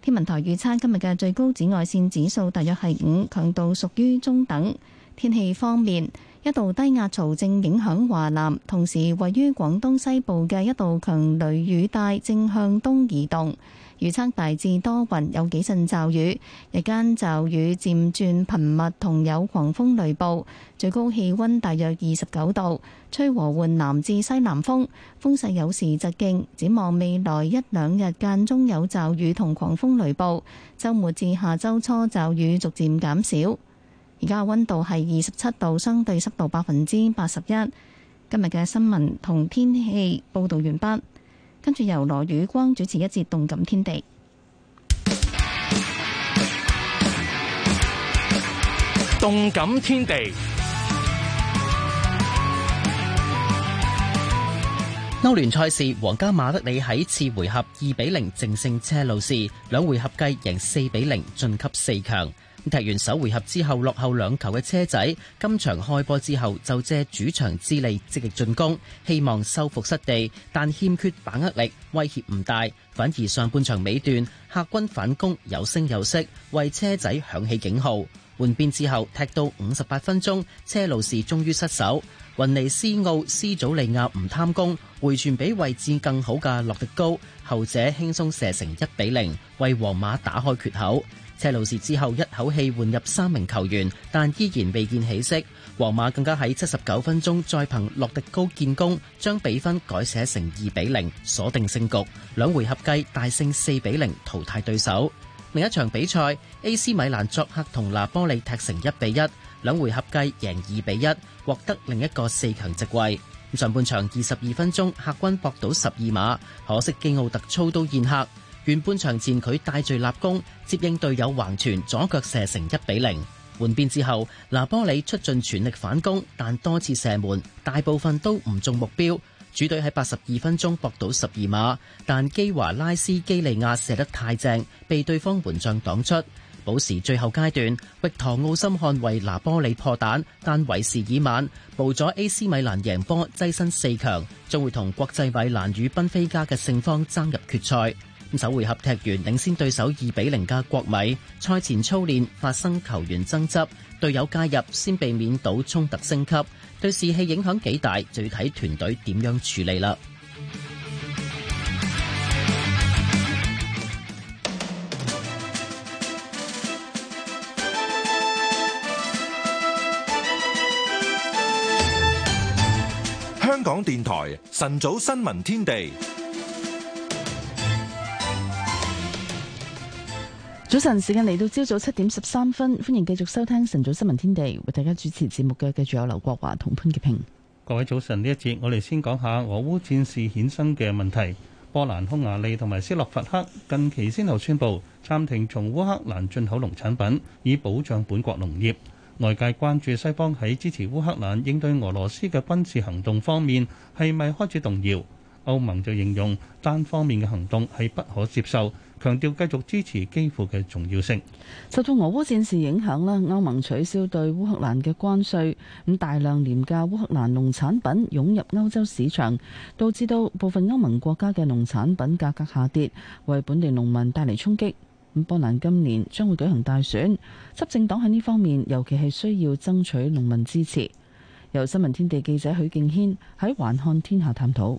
天文台預測今日嘅最高紫外線指數大約係五，強度屬於中等。天氣方面，一道低壓槽正影響華南，同時位於廣東西部嘅一道強雷雨帶正向東移動。預測大致多雲，有幾陣驟雨。日間驟雨漸轉頻密，同有狂風雷暴。最高氣溫大約二十九度，吹和緩南至西南風，風勢有時疾勁。展望未來一兩日間中有驟雨同狂風雷暴，週末至下周初驟雨逐漸減少。而家溫度係二十七度，相對濕度百分之八十一。今日嘅新聞同天氣報道完畢。跟住由羅宇光主持一節《動感天地》。《動感天地》歐聯賽事，皇家馬德里喺次回合二比零淨勝車路士，兩回合計贏四比零晉級四強。踢完首回合之後，落後兩球嘅車仔，今場開波之後就借主場之利積極進攻，希望收復失地，但欠缺把握力，威脅唔大。反而上半場尾段，客軍反攻有聲有色，為車仔響起警號。換邊之後，踢到五十八分鐘，車路士終於失守，雲尼斯奧斯祖利亞唔貪功，回傳俾位置更好嘅洛迪高，後者輕鬆射成一比零，為皇馬打開缺口。車路士之後，一口氣換入三名球員，但依然未見起色。皇馬更加喺七十九分鐘再憑洛迪高建功，將比分改寫成二比零，鎖定勝局。兩回合計大勝四比零，淘汰對手。另一場比賽，A.C. 米蘭作客同拿波利踢成一比一，兩回合計贏二比一，獲得另一個四強席位。上半場二十二分鐘，客軍搏到十二碼，可惜基奧特操刀宴客。原本場前，佢戴罪立功，接應隊友橫傳，左腳射成一比零。換邊之後，拿波里出盡全力反攻，但多次射門，大部分都唔中目標。主隊喺八十二分鐘博到十二碼，但基華拉斯基利亞射得太正，被對方門將擋出。補時最後階段，域唐奧森漢為拿波里破蛋，但為時已晚，暴咗 A.C. 米蘭贏波，躋身四強，將會同國際米蘭與賓菲加嘅勝方爭入決賽。首回合踢完，領先對手二比零嘅國米，賽前操練發生球員爭執，隊友介入先避免到衝突升級，對士氣影響幾大，就要睇團隊點樣處理啦。香港電台晨早新聞天地。早晨，時間嚟到朝早七點十三分，歡迎繼續收聽晨早新聞天地，為大家主持節目嘅，繼續有劉國華同潘潔平。各位早晨，呢一節我哋先講下俄烏戰事衍生嘅問題。波蘭、匈牙利同埋斯洛伐克近期先後宣布暫停從烏克蘭進口農產品，以保障本國農業。外界關注西方喺支持烏克蘭應對俄羅斯嘅軍事行動方面，係咪開始動搖？歐盟就形容單方面嘅行動係不可接受。強調繼續支持基輔嘅重要性。受到俄烏戰事影響咧，歐盟取消對烏克蘭嘅關稅，咁大量廉價烏克蘭農產品湧入歐洲市場，導致到部分歐盟國家嘅農產品價格下跌，為本地農民帶嚟衝擊。咁波蘭今年將會舉行大選，執政黨喺呢方面尤其係需要爭取農民支持。由新聞天地記者許敬軒喺《環看天下探討》探討。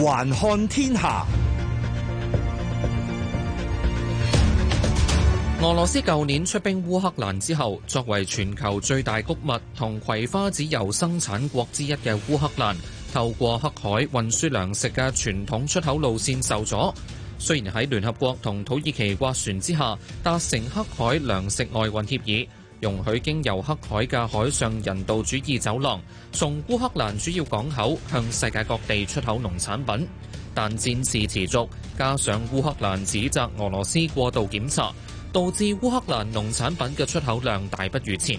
環看天下，俄羅斯舊年出兵烏克蘭之後，作為全球最大穀物同葵花籽油生產國之一嘅烏克蘭，透過黑海運輸糧食嘅傳統出口路線受阻。雖然喺聯合國同土耳其斡旋之下，達成黑海糧食外運協議。容許經由黑海嘅海上人道主義走廊，從烏克蘭主要港口向世界各地出口農產品。但戰事持續，加上烏克蘭指責俄羅斯過度檢查，導致烏克蘭農產品嘅出口量大不如前。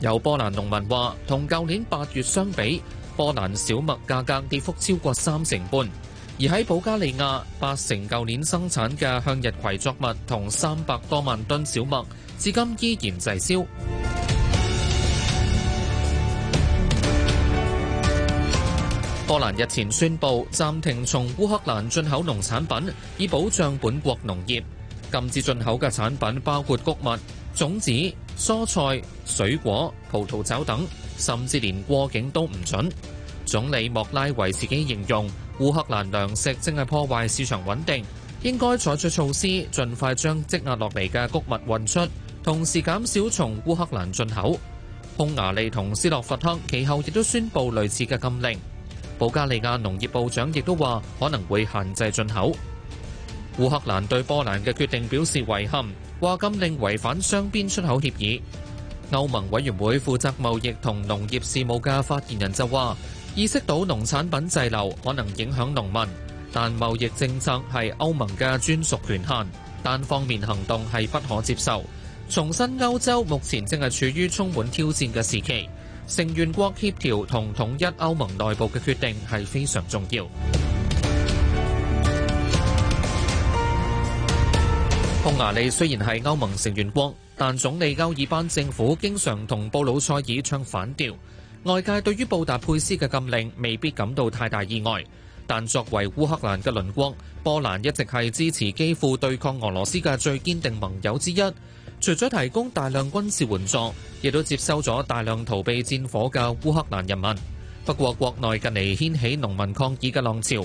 有波蘭農民話，同舊年八月相比，波蘭小麥價格跌幅超過三成半。而喺保加利亞，八成舊年生產嘅向日葵作物同三百多萬噸小麥，至今依然滯銷。波蘭日前宣布暫停從烏克蘭進口農產品，以保障本國農業。禁止進口嘅產品包括穀物、種子。蔬菜、水果、葡萄酒等，甚至連過境都唔准。總理莫拉維茨基形容，烏克蘭糧食正係破壞市場穩定，應該採取措施，盡快將積壓落嚟嘅谷物運出，同時減少從烏克蘭進口。匈牙利同斯洛伐克其後亦都宣布類似嘅禁令。保加利亞農業部長亦都話可能會限制進口。烏克蘭對波蘭嘅決定表示遺憾。話禁令違反雙邊出口協議。歐盟委員會負責貿易同農業事務嘅發言人就話：意識到農產品滯留可能影響農民，但貿易政策係歐盟嘅專屬權限，單方面行動係不可接受。重申歐洲目前正係處於充滿挑戰嘅時期，成員國協調同統一歐盟內部嘅決定係非常重要。匈牙利雖然係歐盟成員國，但總理歐爾班政府經常同布魯塞爾唱反調。外界對於布達佩斯嘅禁令未必感到太大意外，但作為烏克蘭嘅鄰國，波蘭一直係支持基輔對抗俄羅斯嘅最堅定盟友之一。除咗提供大量軍事援助，亦都接收咗大量逃避戰火嘅烏克蘭人民。不過國內近嚟掀起農民抗議嘅浪潮。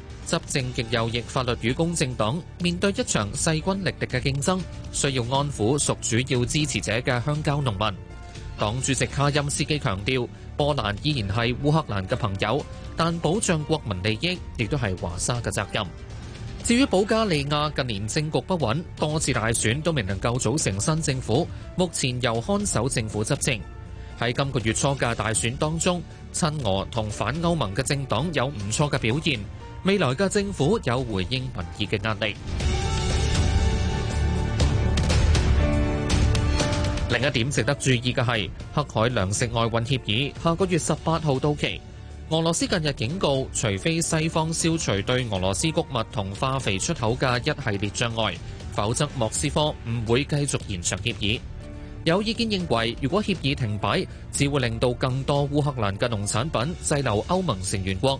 執政極右翼法律與公正黨面對一場勢均力敵嘅競爭，需要安撫屬主要支持者嘅鄉郊農民。黨主席卡欽斯基強調，波蘭依然係烏克蘭嘅朋友，但保障國民利益亦都係華沙嘅責任。至於保加利亞近年政局不穩，多次大選都未能夠組成新政府，目前由看守政府執政。喺今個月初嘅大選當中，親俄同反歐盟嘅政黨有唔錯嘅表現。未來嘅政府有回應民意嘅壓力。另一點值得注意嘅係，黑海糧食外運協議下個月十八號到期。俄羅斯近日警告，除非西方消除對俄羅斯穀物同化肥出口嘅一系列障礙，否則莫斯科唔會繼續延長協議。有意見認為，如果協議停擺，只會令到更多烏克蘭嘅農產品滯留歐盟成員國。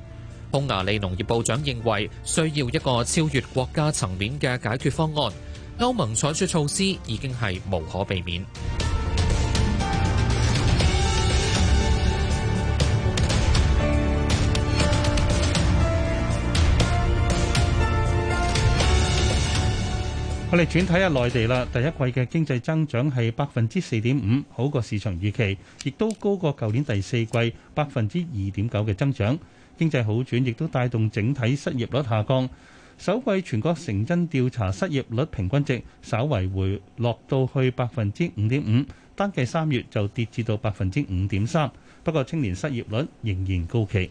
匈牙利農業部長認為需要一個超越國家層面嘅解決方案。歐盟採取措施已經係無可避免。我哋轉睇下內地啦，第一季嘅經濟增長係百分之四點五，好過市場預期，亦都高過舊年第四季百分之二點九嘅增長。經濟好轉，亦都帶動整體失業率下降。首季全國城鎮調查失業率平均值稍為回落到去百分之五點五，單計三月就跌至到百分之五點三。不過，青年失業率仍然高企。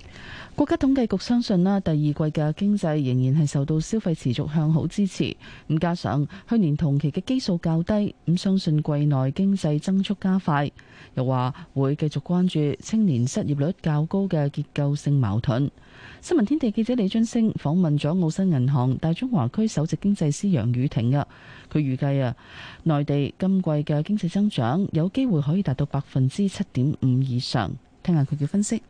國家統計局相信啦，第二季嘅經濟仍然係受到消費持續向好支持，咁加上去年同期嘅基數較低，咁相信季內經濟增速加快。又話會繼續關注青年失業率較高嘅結構性矛盾。新聞天地記者李俊升訪問咗澳新銀行大中華區首席經濟師楊雨婷啊，佢預計啊，內地今季嘅經濟增長有機會可以達到百分之七點五以上，聽下佢嘅分析。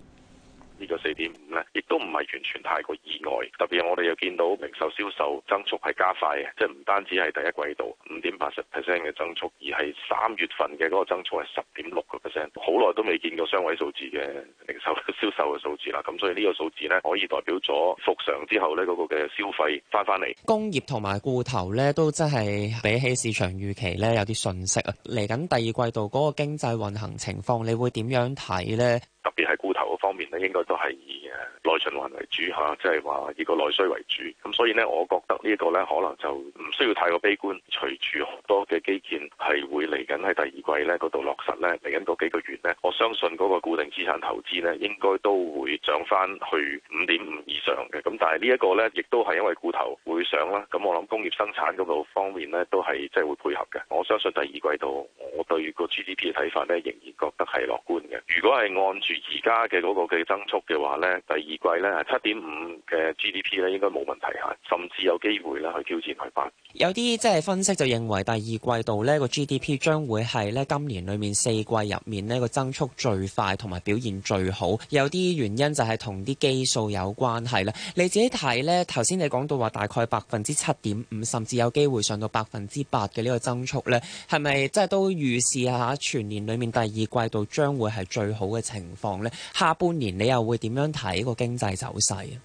呢個四點五咧，亦都唔係完全太過意外。特別我哋又見到零售銷售增速係加快嘅，即係唔單止係第一季度五點八十 percent 嘅增速，而係三月份嘅嗰個增速係十點六個 percent，好耐都未見過雙位數字嘅零售銷售嘅數字啦。咁所以呢個數字咧，可以代表咗復常之後咧嗰個嘅消費翻翻嚟。工業同埋固投咧，都真係比起市場預期咧有啲遜色啊。嚟緊第二季度嗰個經濟運行情況，你會點樣睇咧？特別係固投嗰方面咧，應該都係以誒內循環為主嚇，即係話呢個內需為主。咁所以呢，我覺得呢一個咧，可能就唔需要太過悲觀。隨住好多嘅基建係會嚟緊喺第二季呢嗰度落實咧，嚟緊嗰幾個月呢，我相信嗰個固定資產投資呢，應該都會漲翻去五點五以上嘅。咁但係呢一個呢，亦都係因為固投會上啦。咁我諗工業生產嗰度方面呢，都係即係會配合嘅。我相信第二季度，我對個 GDP 嘅睇法呢，仍然覺得係樂觀嘅。如果係按，而家嘅嗰個嘅增速嘅話咧，第二季咧七點五嘅 GDP 咧應該冇問題吓，甚至有機會啦去挑戰去八。有啲即係分析就認為第二季度咧個 GDP 將會係咧今年裏面四季入面咧個增速最快同埋表現最好。有啲原因就係同啲基數有關係啦。你自己睇咧，頭先你講到話大概百分之七點五，甚至有機會上到百分之八嘅呢個增速咧，係咪即係都預示下全年裏面第二季度將會係最好嘅情況？況咧，下半年你又會點樣睇個經濟走勢啊？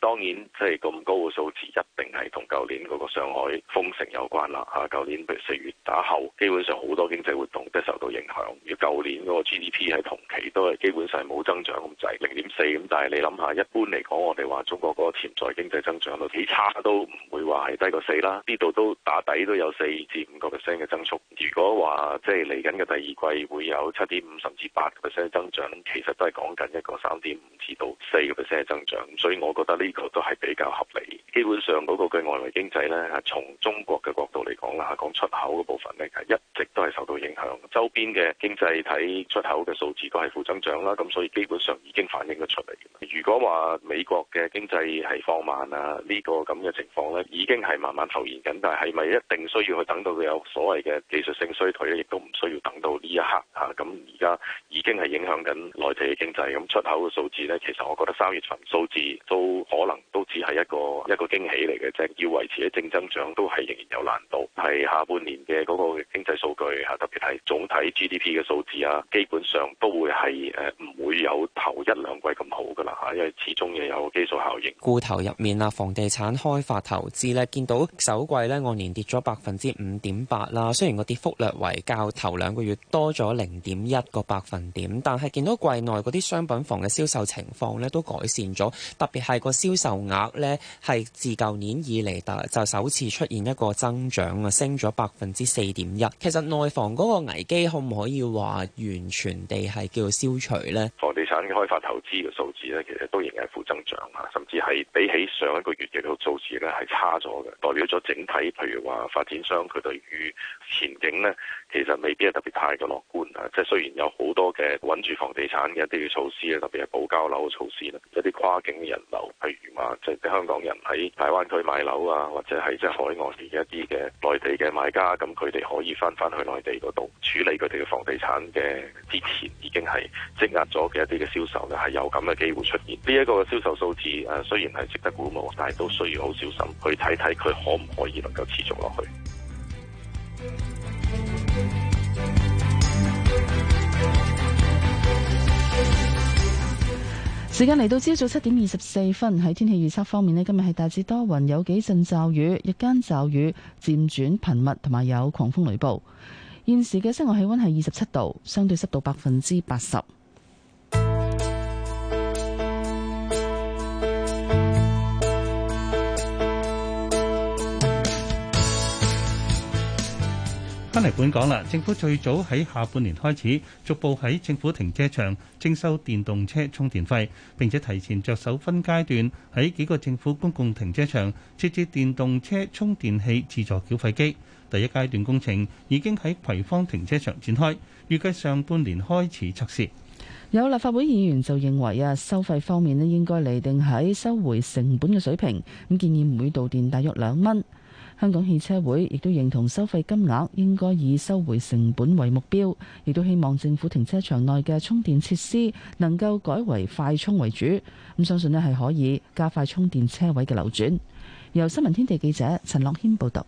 當然，即係咁高嘅數字，一定係同舊年嗰個上海封城有關啦。啊，舊年譬如四月打後，基本上好多經濟活動都受到影響。如果舊年嗰個 GDP 係同期都係基本上冇增長咁滯，零點四咁。但係你諗下，一般嚟講，我哋話中國嗰個潛在經濟增長率幾差都唔會話係低過四啦。呢度都打底都有四至五個 percent 嘅增速。如果話即係嚟緊嘅第二季會有七點五甚至八個 percent 嘅增長，其實都係講緊一個三點五至到四個 percent 嘅增長。所以我呢個都係比較合理。基本上嗰個嘅外圍經濟呢，嚇從中國嘅角度嚟講啦，講出口嗰部分呢，係一直都係受到影響。周邊嘅經濟體出口嘅數字都係負增長啦。咁所以基本上已經反映咗出嚟。如果話美國嘅經濟係放慢啊，呢個咁嘅情況呢，已經係慢慢浮現緊。但係咪一定需要去等到佢有所謂嘅技術性衰退咧？亦都唔需要等到呢一刻啊。咁而家已經係影響緊內地嘅經濟。咁出口嘅數字呢，其實我覺得三月份數字都。可能都只係一個一個驚喜嚟嘅，即要維持喺正增長都係仍然有難度。係下半年嘅嗰個經濟數據嚇，特別係總體 GDP 嘅數字啊，基本上都會係誒唔會有頭一兩季咁好噶啦嚇，因為始終亦有基數效應。股頭入面啊，房地產開發投資咧，見到首季咧按年跌咗百分之五點八啦，雖然個跌幅略為較頭兩個月多咗零點一個百分點，但係見到季內嗰啲商品房嘅銷售情況咧都改善咗，特別係個銷售額咧係自舊年以嚟就首次出現一個增長啊，升咗百分之四點一。其實內房嗰個危機可唔可以話完全地係叫做消除呢？房地產開發投資嘅數字咧，其實都仍然係負增長啊，甚至係比起上一個月嘅數字咧係差咗嘅，代表咗整體譬如話發展商佢對於。前景呢，其實未必係特別太過樂觀啊！即係雖然有好多嘅穩住房地產嘅一啲嘅措施咧，特別係保交樓嘅措施啦，一啲跨境嘅人流，譬如話即係香港人喺大灣區買樓啊，或者喺即係海外啲嘅一啲嘅內地嘅買家，咁佢哋可以翻翻去內地嗰度處理佢哋嘅房地產嘅之前已經係積壓咗嘅一啲嘅銷售呢，係有咁嘅機會出現。呢一個嘅銷售數字誒，雖然係值得鼓舞，但係都需要好小心去睇睇佢可唔可以能夠持續落去。時間嚟到朝早七點二十四分，喺天氣預測方面呢，今日係大致多雲，有幾陣驟雨，日間驟雨漸轉頻密，同埋有狂風雷暴。現時嘅室外氣溫係二十七度，相對濕度百分之八十。翻嚟本港啦，政府最早喺下半年開始，逐步喺政府停車場徵收電動車充電費，並且提前着手分階段喺幾個政府公共停車場設置電動車充電器自助繳費機。第一階段工程已經喺葵芳停車場展開，預計上半年開始測試。有立法會議員就認為啊，收費方面咧應該釐定喺收回成本嘅水平，咁建議每度電大約兩蚊。香港汽車會亦都認同收費金額應該以收回成本為目標，亦都希望政府停車場內嘅充電設施能夠改為快充為主。咁相信呢係可以加快充電車位嘅流轉。由新聞天地記者陳樂軒報道。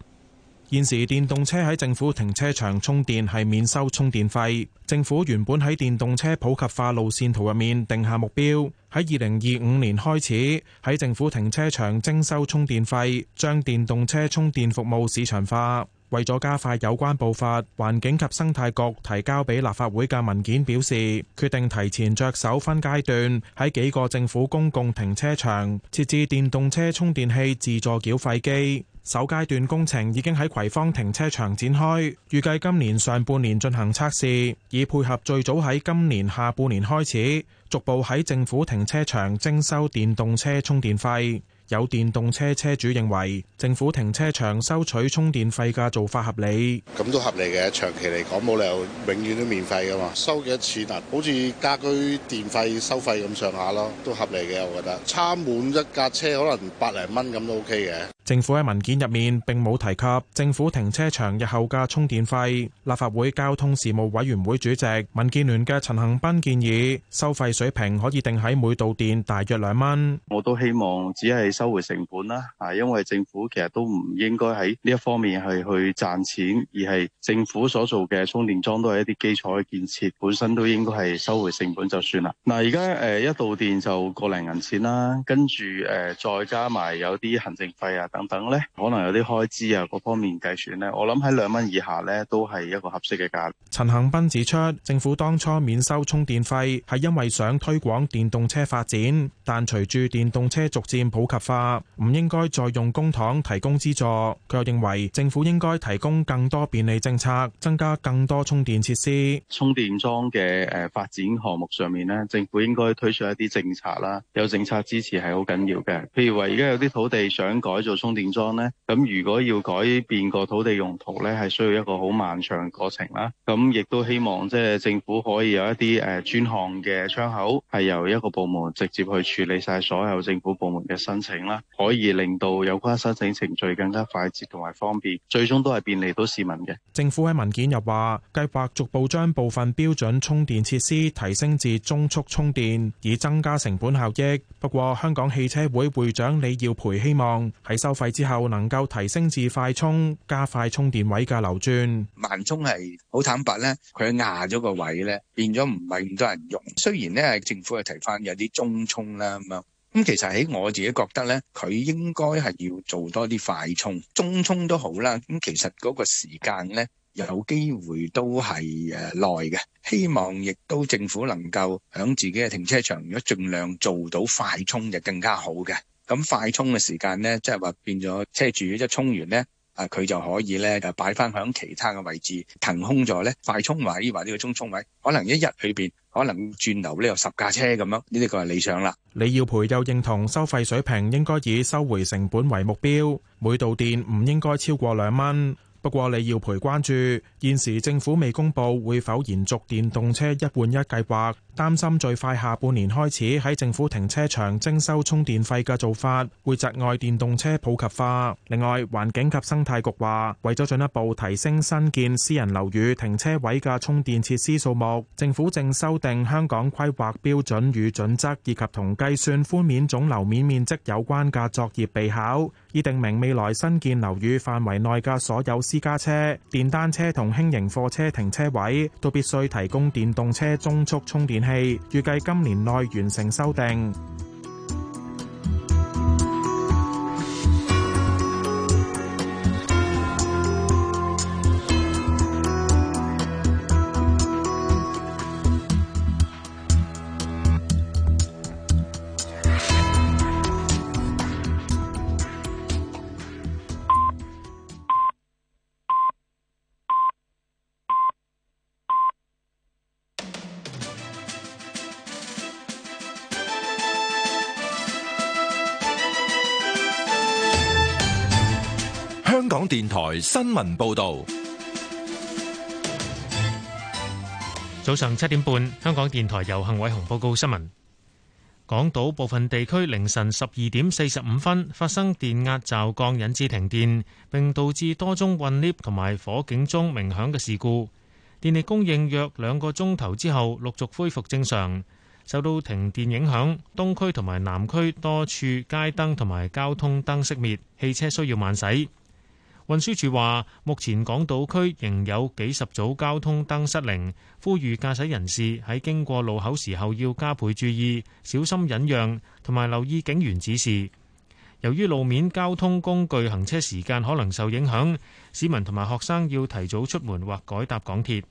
現時電動車喺政府停車場充電係免收充電費。政府原本喺電動車普及化路線圖入面定下目標，喺二零二五年開始喺政府停車場徵收充電費，將電動車充電服務市場化。為咗加快有關步伐，環境及生態局提交俾立法會嘅文件表示，決定提前着手分階段喺幾個政府公共停車場設置電動車充電器自助繳費機。首階段工程已經喺葵芳停車場展開，預計今年上半年進行測試，以配合最早喺今年下半年開始逐步喺政府停車場徵收電動車充電費。有電動車車主認為政府停車場收取充電費嘅做法合理，咁都合理嘅。長期嚟講冇理由永遠都免費噶嘛，收幾多錢啊，好似家居電費收費咁上下咯，都合理嘅。我覺得差滿一架車可能百零蚊咁都 OK 嘅。政府喺文件入面並冇提及政府停車場日後嘅充電費。立法會交通事務委員會主席民建聯嘅陳恆鑌建議收費水平可以定喺每度電大約兩蚊。我都希望只係收回成本啦，啊，因為政府其實都唔應該喺呢一方面係去賺錢，而係政府所做嘅充電樁都係一啲基礎嘅建設本身都應該係收回成本就算啦。嗱，而家誒一度電就個零銀錢啦，跟住誒再加埋有啲行政費啊。等等咧，可能有啲開支啊，各方面計算咧，我諗喺兩蚊以下咧，都係一個合適嘅價。陳恒斌指出，政府當初免收充電費，係因為想推廣電動車發展，但隨住電動車逐漸普及化，唔應該再用公帑提供資助。佢又認為政府應該提供更多便利政策，增加更多充電設施。充電樁嘅誒發展項目上面咧，政府應該推出一啲政策啦，有政策支持係好緊要嘅。譬如話而家有啲土地想改造充電樁咧，咁如果要改變個土地用途呢，係需要一個好漫長過程啦。咁亦都希望即係政府可以有一啲誒專項嘅窗口，係由一個部門直接去處理晒所有政府部門嘅申請啦，可以令到有關申請程序更加快捷同埋方便，最終都係便利到市民嘅。政府喺文件又話，計劃逐步將部分標準充電設施提升至中速充電，以增加成本效益。不過，香港汽車會會長李耀培希望喺收費之後能夠提升至快充，加快充電位嘅流轉。慢充係好坦白咧，佢壓咗個位咧，變咗唔係咁多人用。雖然咧政府係提翻有啲中充啦咁樣，咁其實喺我自己覺得咧，佢應該係要做多啲快充，中充都好啦。咁其實嗰個時間咧，有機會都係誒耐嘅。希望亦都政府能夠響自己嘅停車場，如果盡量做到快充就更加好嘅。咁快充嘅時間呢，即係話變咗車主，一充完呢，啊佢就可以呢就擺翻響其他嘅位置騰空咗呢快充位或者個中充位，可能一日裏面，可能轉流呢個十架車咁樣，呢、這、啲個係理想啦。李耀培又認同收費水平應該以收回成本為目標，每度電唔應該超過兩蚊。不過李耀培關注，現時政府未公布會否延續電動車一換一計劃，擔心最快下半年開始喺政府停車場徵收充電費嘅做法會窒礙電動車普及化。另外，環境及生態局話，為咗進一步提升新建私人樓宇停車位嘅充電設施數目，政府正修訂香港規劃標準與準則，以及同計算寬免總樓面面積有關嘅作業備考。已定明未來新建樓宇範圍內嘅所有私家車、電單車同輕型貨車停車位都必須提供電動車中速充電器，預計今年內完成修訂。電台新聞報道：早上七點半，香港電台由幸偉雄報告新聞。港島部分地區凌晨十二點四十五分發生電壓驟降，引致停電，並導致多宗運 l 同埋火警中鳴響嘅事故。電力供應約兩個鐘頭之後陸續恢復正常。受到停電影響，東區同埋南區多處街燈同埋交通燈熄滅，汽車需要慢駛。運輸署話，目前港島區仍有幾十組交通燈失靈，呼籲駕駛人士喺經過路口時候要加倍注意，小心忍讓，同埋留意警員指示。由於路面交通工具行車時間可能受影響，市民同埋學生要提早出門或改搭港鐵。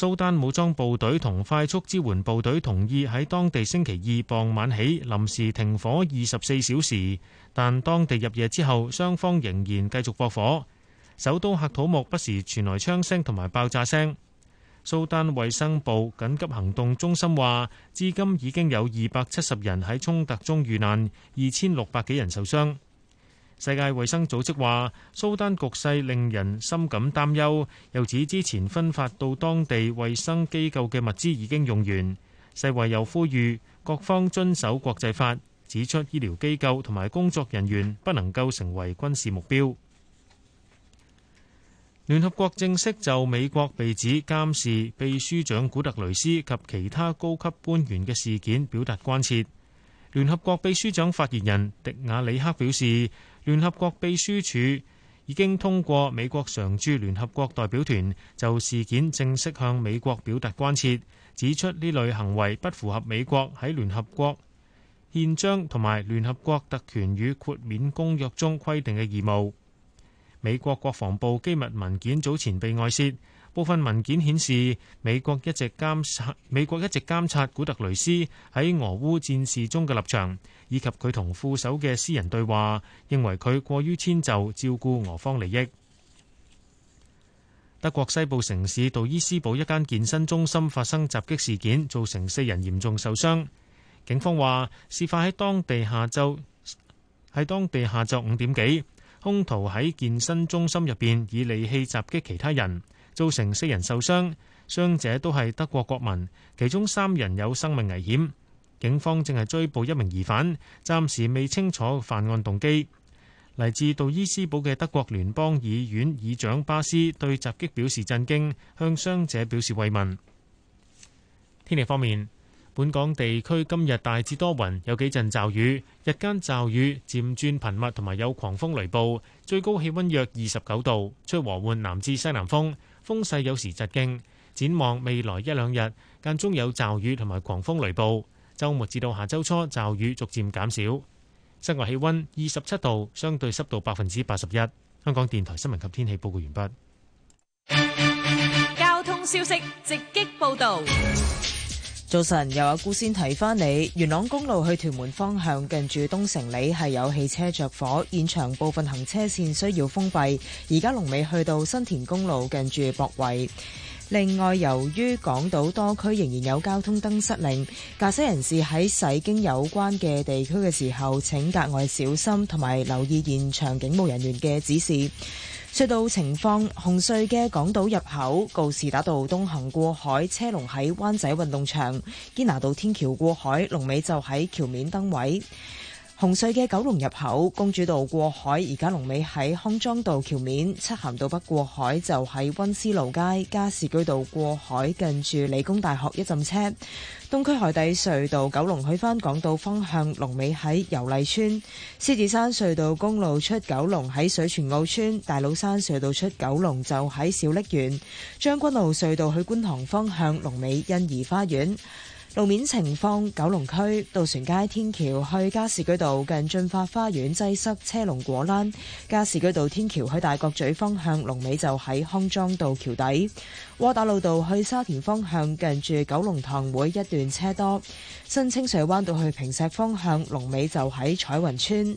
蘇丹武裝部隊同快速支援部隊同意喺當地星期二傍晚起臨時停火二十四小時，但當地入夜之後，雙方仍然繼續搏火。首都喀土穆不時傳來槍聲同埋爆炸聲。蘇丹衛生部緊急行動中心話，至今已經有二百七十人喺衝突中遇難，二千六百幾人受傷。世界衛生組織話蘇丹局勢令人深感擔憂，又指之前分發到當地衛生機構嘅物資已經用完。世衛又呼籲各方遵守國際法，指出醫療機構同埋工作人員不能夠成為軍事目標。聯合國正式就美國被指監視秘書長古特雷斯及其他高級官員嘅事件表達關切。聯合國秘書長發言人迪亞里克表示，聯合國秘書處已經通過美國常駐聯合國代表團就事件正式向美國表達關切，指出呢類行為不符合美國喺聯合國憲章同埋聯合國特權與豁免公約中規定嘅義務。美國國防部機密文件早前被外洩。部分文件顯示，美國一直監察，美國一直監察古特雷斯喺俄烏戰事中嘅立場，以及佢同副手嘅私人對話，認為佢過於遷就照顧俄方利益。德國西部城市杜伊斯堡一間健身中心發生襲擊事件，造成四人嚴重受傷。警方話，事發喺當地下晝，喺當地下晝五點幾，兇徒喺健身中心入邊以利器襲擊其他人。造成四人受傷，傷者都係德國國民，其中三人有生命危險，警方正係追捕一名疑犯，暫時未清楚犯案動機，嚟自杜伊斯堡嘅德國聯邦議院議長巴斯對襲擊表示震驚，向傷者表示慰問。天氣方面，本港地區今日大致多雲，有幾陣驟雨，日間驟雨漸轉頻密，同埋有狂風雷暴，最高氣温約二十九度，吹和緩南至西南風。風勢有時疾勁，展望未來一兩日間中有驟雨同埋狂風雷暴，周末至到下周初驟雨逐漸減少。室外氣溫二十七度，相對濕度百分之八十一。香港電台新聞及天氣報告完畢。交通消息直擊報道。早晨，又阿姑先睇翻你。元朗公路去屯門方向，近住東城里係有汽車着火，現場部分行車線需要封閉。而家龍尾去到新田公路，近住壆圍。另外，由於港島多區仍然有交通燈失靈，駕駛人士喺駛經有關嘅地區嘅時候，請格外小心，同埋留意現場警務人員嘅指示。隧道情況：紅隧嘅港島入口告士打道東行過海車龍喺灣仔運動場，堅拿道天橋過海龍尾就喺橋面登位；紅隧嘅九龍入口公主道過海而家龍尾喺康莊道橋面，漆咸道北過海就喺溫斯路街，加士居道過海近住理工大學一浸車。東區海底隧道九龍去返港島方向龍尾喺油麗邨，獅子山隧道公路出九龍喺水泉澳村，大老山隧道出九龍就喺小瀝源，將軍澳隧道去觀塘方向龍尾欣怡花園。路面情況：九龍區渡船街天橋去加士居道近駿發花園擠塞車龍果欄；加士居道天橋去大角咀方向龍尾就喺康莊道橋底；窩打老道去沙田方向近住九龍塘會一段車多；新清水灣道去坪石方向龍尾就喺彩雲村。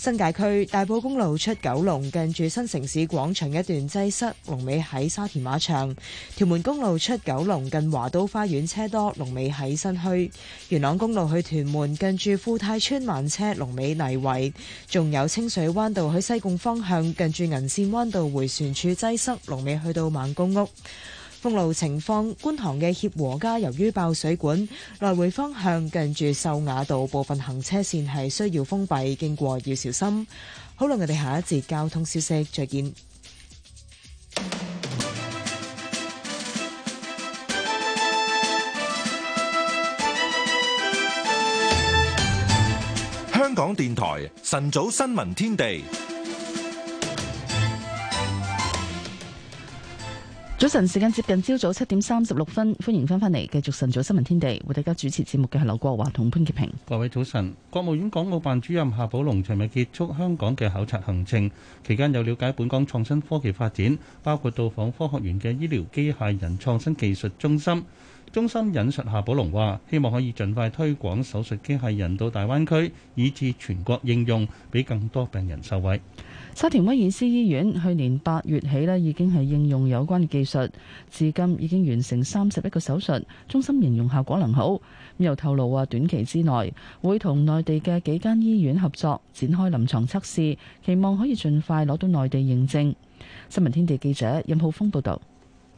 新界區大埔公路出九龍，近住新城市廣場一段擠塞，龍尾喺沙田馬場；屯門公路出九龍，近華都花園車多，龍尾喺新墟；元朗公路去屯門，近住富泰村慢車，龍尾泥圍；仲有清水灣道去西貢方向，近住銀線灣道回旋處擠塞，龍尾去到孟公屋。封路情況，觀塘嘅協和街由於爆水管，來回方向近住秀雅道部分行車線係需要封閉，經過要小心。好啦，我哋下一節交通消息再見。香港電台晨早新聞天地。早晨，時間接近朝早七點三十六分，歡迎翻返嚟，繼續晨早新聞天地。為大家主持節目嘅係劉國華同潘潔平。各位早晨，國務院港澳辦主任夏寶龍尋日結束香港嘅考察行程，期間有了解本港創新科技發展，包括到訪科學園嘅醫療機械人創新技術中心。中心引述夏寶龍話，希望可以盡快推廣手術機械人到大灣區，以至全國應用，俾更多病人受惠。沙田威爾斯醫院去年八月起咧，已經係應用有關技術，至今已經完成三十一個手術，中心形容效果良好。又透露話，短期之內會同內地嘅幾間醫院合作展開臨床測試，期望可以盡快攞到內地認證。新聞天地記者任浩峰報道。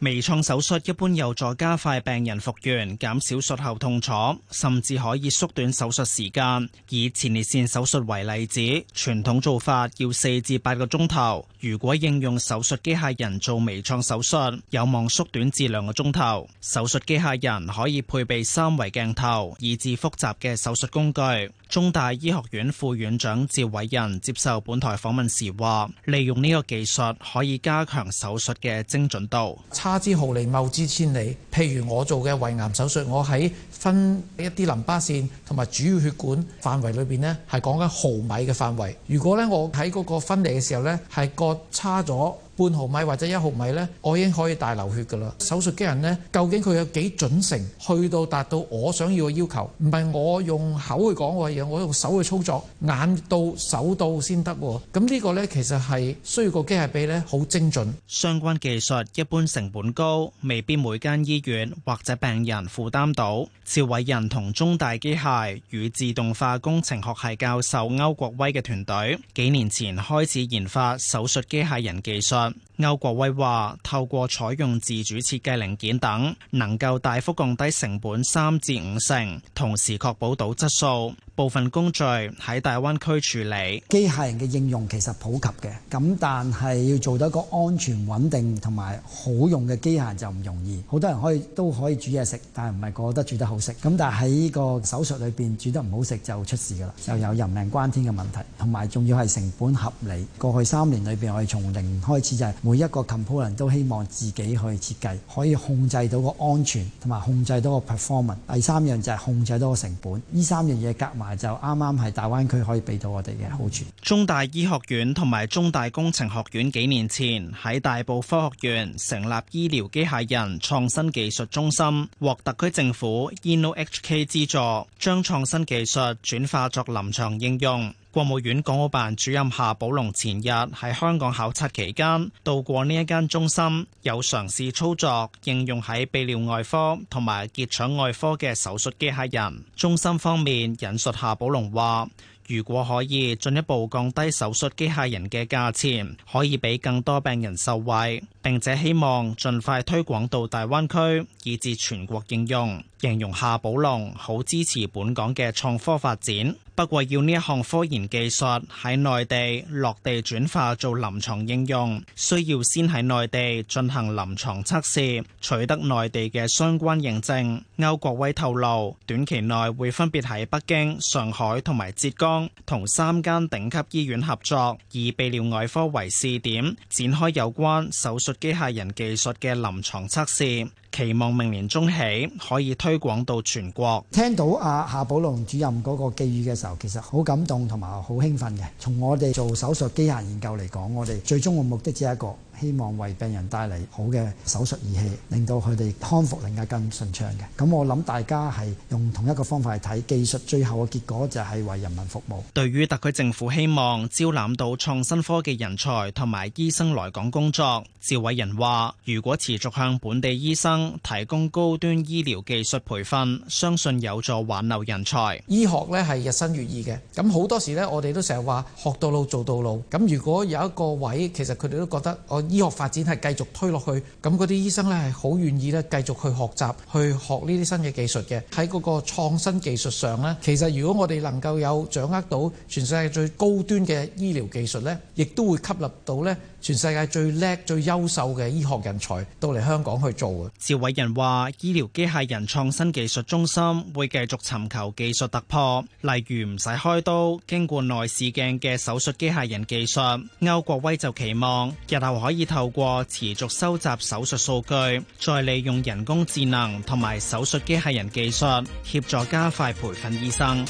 微創手術一般有助加快病人復原，減少術後痛楚，甚至可以縮短手術時間。以前列腺手術為例子，傳統做法要四至八個鐘頭，如果應用手術機械人做微創手術，有望縮短至兩個鐘頭。手術機械人可以配備三維鏡頭、以至複雜嘅手術工具。中大醫學院副院長趙偉仁接受本台訪問時話，利用呢個技術可以加強手術嘅精準度。花之毫厘，謬之千里。譬如我做嘅胃癌手術，我喺分一啲淋巴腺同埋主要血管範圍裏邊呢，係講緊毫米嘅範圍。如果呢，我喺嗰個分離嘅時候呢，係割差咗，半毫米或者一毫米呢，我已經可以大流血噶啦。手術機人呢，究竟佢有幾準成？去到達到我想要嘅要求，唔係我用口去講個嘢，我用手去操作，眼到手到先得。咁呢個呢，其實係需要個機械臂呢，好精準。相關技術一般成本高，未必每間醫院或者病人負擔到。趙偉仁同中大機械與自動化工程學系教授歐國威嘅團隊，幾年前開始研發手術機械人技術。歐國威話：透過採用自主設計零件等，能夠大幅降低成本三至五成，同時確保到質素。部分工序喺大灣區處理。機械人嘅應用其實普及嘅，咁但係要做到一個安全、穩定同埋好用嘅機械人就唔容易。好多人可以都可以煮嘢食，但係唔係覺得煮得好食。咁但係喺個手術裏邊煮得唔好食就出事噶啦，就有人命關天嘅問題。同埋仲要係成本合理。過去三年裏邊，我哋從零開始就係每一個 component 都希望自己去設計，可以控制到個安全同埋控制到個 performance。第三樣就係控制到個成本。呢三樣嘢夾埋。就啱啱係大灣區可以俾到我哋嘅好處。中大醫學院同埋中大工程學院幾年前喺大埔科學院成立醫療機械人創新技術中心，獲特區政府 InnoHK 資助，將創新技術轉化作臨牀應用。國務院港澳辦主任夏寶龍前日喺香港考察期間，到過呢一間中心，有嘗試操作應用喺泌尿外科同埋結腸外科嘅手術機械人。中心方面引述夏寶龍話，如果可以進一步降低手術機械人嘅價錢，可以俾更多病人受惠，並且希望盡快推廣到大灣區，以至全國應用。形容夏寶龍好支持本港嘅創科發展，不過要呢一項科研技術喺內地落地轉化做臨床應用，需要先喺內地進行臨床測試，取得內地嘅相關認證。歐國威透露，短期內會分別喺北京、上海同埋浙江同三間頂級醫院合作，以泌尿外科為試點，展開有關手術機械人技術嘅臨床測試。期望明年中起可以推廣到全國。聽到阿夏寶龍主任嗰個寄語嘅時候，其實好感動同埋好興奮嘅。從我哋做手術機械研究嚟講，我哋最終嘅目的只係一個。希望為病人帶嚟好嘅手術儀器，令到佢哋康復令係更順暢嘅。咁我諗大家係用同一個方法去睇技術，最後嘅結果就係為人民服務。對於特區政府希望招攬到創新科技人才同埋醫生來港工作，趙偉仁話：如果持續向本地醫生提供高端醫療技術培訓，相信有助挽留人才。醫學呢係日新月異嘅，咁好多時呢，我哋都成日話學到老做到老。咁如果有一個位，其實佢哋都覺得我。醫學發展係繼續推落去，咁嗰啲醫生呢，係好願意咧繼續去學習，去學呢啲新嘅技術嘅。喺嗰個創新技術上呢，其實如果我哋能夠有掌握到全世界最高端嘅醫療技術呢，亦都會吸納到呢。全世界最叻、最優秀嘅醫學人才到嚟香港去做嘅。趙偉仁話，醫療機械人創新技術中心會繼續尋求技術突破，例如唔使開刀，經過內視鏡嘅手術機械人技術。歐國威就期望日後可以透過持續收集手術數據，再利用人工智能同埋手術機械人技術協助加快培訓醫生。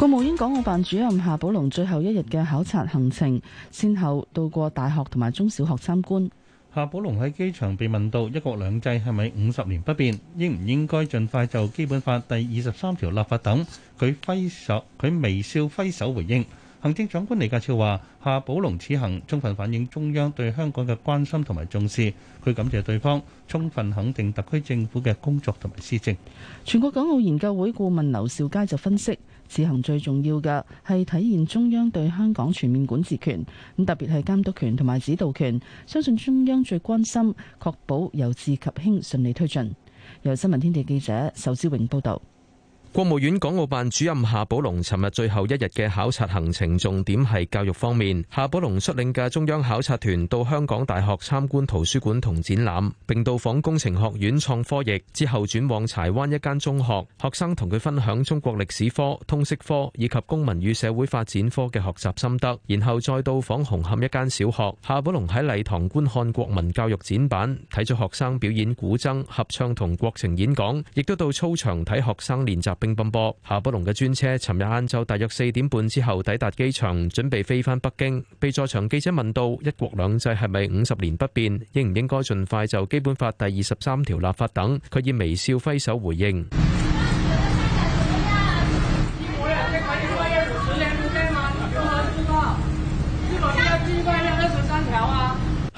國務院港澳辦主任夏寶龍最後一日嘅考察行程，先後到過大學同埋中小學參觀。夏寶龍喺機場被問到一國兩制係咪五十年不變，應唔應該盡快就基本法第二十三條立法等，佢揮手佢微笑揮手回應。行政長官李家超話，夏寶龍此行充分反映中央對香港嘅關心同埋重視，佢感謝對方，充分肯定特區政府嘅工作同埋施政。全國港澳研究會顧問劉兆佳就分析。此行最重要嘅係體現中央對香港全面管治權，咁特別係監督權同埋指導權，相信中央最關心確保由治及興順利推進。由新聞天地記者仇志榮報道。國務院港澳辦主任夏寶龍尋日最後一日嘅考察行程重點係教育方面。夏寶龍率領嘅中央考察團到香港大學參觀圖書館同展覽，並到訪工程學院創科翼，之後轉往柴灣一間中學，學生同佢分享中國歷史科、通識科以及公民與社會發展科嘅學習心得，然後再到訪紅磡一間小學。夏寶龍喺禮堂觀看國民教育展板，睇咗學生表演古箏合唱同國情演講，亦都到操場睇學生練習。並奔波，夏寶龍嘅專車尋日晏晝大約四點半之後抵達機場，準備飛返北京。被在場記者問到一國兩制係咪五十年不變，應唔應該盡快就基本法第二十三條立法等，佢以微笑揮手回應。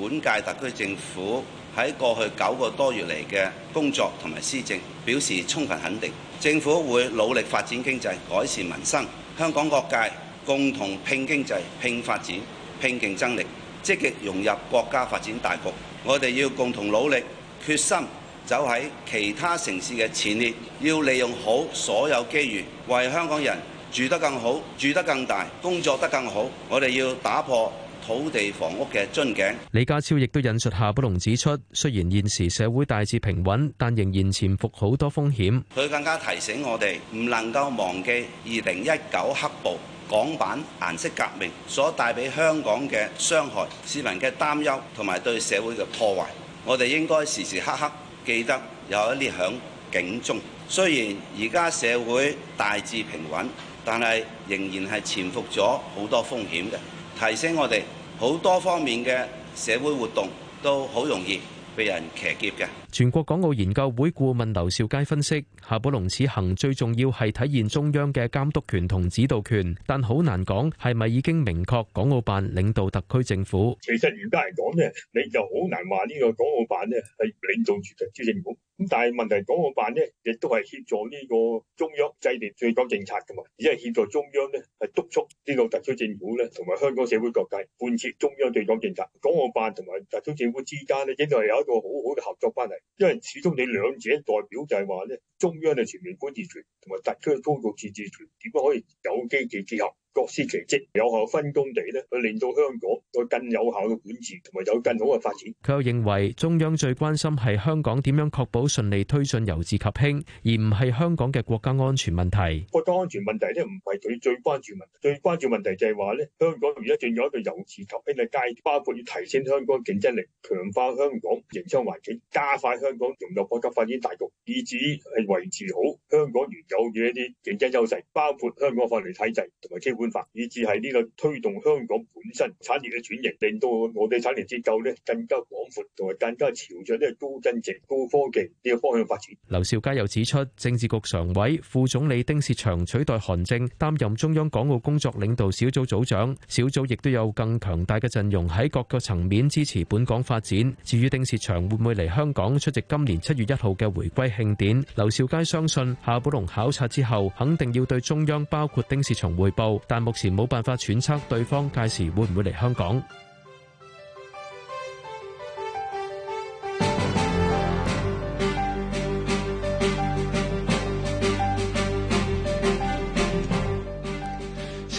本屆特區政府喺過去九個多月嚟嘅工作同埋施政，表示充分肯定。政府會努力發展經濟，改善民生。香港各界共同拼經濟、拼發展、拼競爭力，積極融入國家發展大局。我哋要共同努力，決心走喺其他城市嘅前列，要利用好所有機遇，為香港人住得更好、住得更大、工作得更好。我哋要打破土地房屋嘅樽頸，李家超亦都引述夏寶龍指出，雖然現時社會大致平穩，但仍然潛伏好多風險。佢更加提醒我哋唔能夠忘記2019黑暴港版顏色革命所帶俾香港嘅傷害、市民嘅擔憂同埋對社會嘅破壞。我哋應該時時刻刻記得有一啲響警鐘。雖然而家社會大致平穩，但係仍然係潛伏咗好多風險嘅。提升我哋好多方面嘅社會活動，都好容易被人騎劫嘅。全國港澳研究會顧問劉兆佳分析：夏寶龍此行最重要係體現中央嘅監督權同指導權，但好難講係咪已經明確港澳辦領導特區政府。其實而家嚟講呢，你就好難話呢個港澳辦咧係領導住特區政府。咁但係問題，港澳辦呢亦都係協助呢個中央制定對港政策噶嘛，而係協助中央呢係督促呢個特區政府呢同埋香港社會各界貫徹中央對港政策。港澳辦同埋特區政府之間呢應該係有一個好好嘅合作關係。因為始終你兩者代表就係話咧，中央嘅全面管治權同埋特區嘅高度自治權，點樣可以有機咁結合？各司其職，有效分工地咧，去令到香港再更有效嘅管治，同埋有更好嘅發展。佢又認為中央最關心係香港點樣確保順利推進由治及興，而唔係香港嘅國家安全問題。國家安，安全問題咧，唔係佢最關注問題，最關注問題就係話咧，香港而家進入一個由治及興嘅階段，包括要提升香港競爭力，強化香港營商環境，加快香港融入國家發展大局，以至於係維持好香港原有嘅一啲競爭優勢，包括香港法律體制同埋機會。方法，以至係呢個推動香港本身產業嘅轉型，令到我哋產業結構咧更加廣闊，同埋更加朝着呢高增值、高科技呢個方向發展。劉少佳又指出，政治局常委、副總理丁薛祥取代韓正擔任中央港澳工作領導小組組長，小組亦都有更強大嘅陣容喺各個層面支持本港發展。至於丁薛祥會唔會嚟香港出席今年七月一號嘅回歸慶典，劉少佳相信夏寶龍考察之後肯定要對中央包括丁薛祥匯報。但目前冇辦法揣測對方屆時會唔會嚟香港。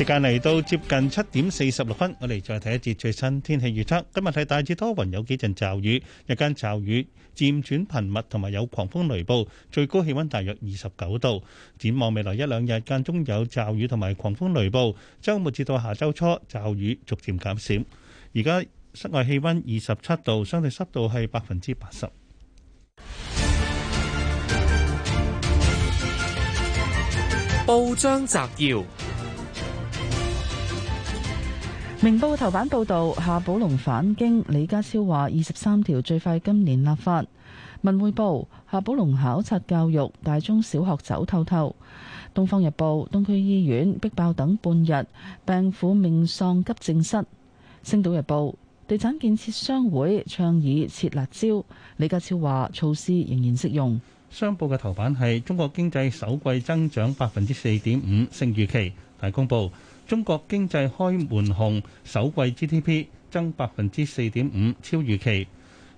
時間嚟到接近七點四十六分，我哋再睇一節最新天氣預測。今日睇大致多雲，有幾陣驟雨，日間驟雨漸轉頻密，同埋有狂風雷暴。最高氣溫大約二十九度。展望未來一兩日間中有驟雨同埋狂風雷暴，周末至到下周初驟雨逐漸減少。而家室外氣溫二十七度，相對濕度係百分之八十。報章摘要。明報頭版報道，夏寶龍返京，李家超話二十三條最快今年立法。文匯報，夏寶龍考察教育，大中小學走透透。東方日報，東區醫院逼爆等半日，病婦命喪急症室。星島日報，地產建設商會倡議切辣椒，李家超話措施仍然適用。商報嘅頭版係中國經濟首季增長百分之四點五，勝預期，大公報。中國經濟開門紅，首季 GDP 增百分之四點五，超預期。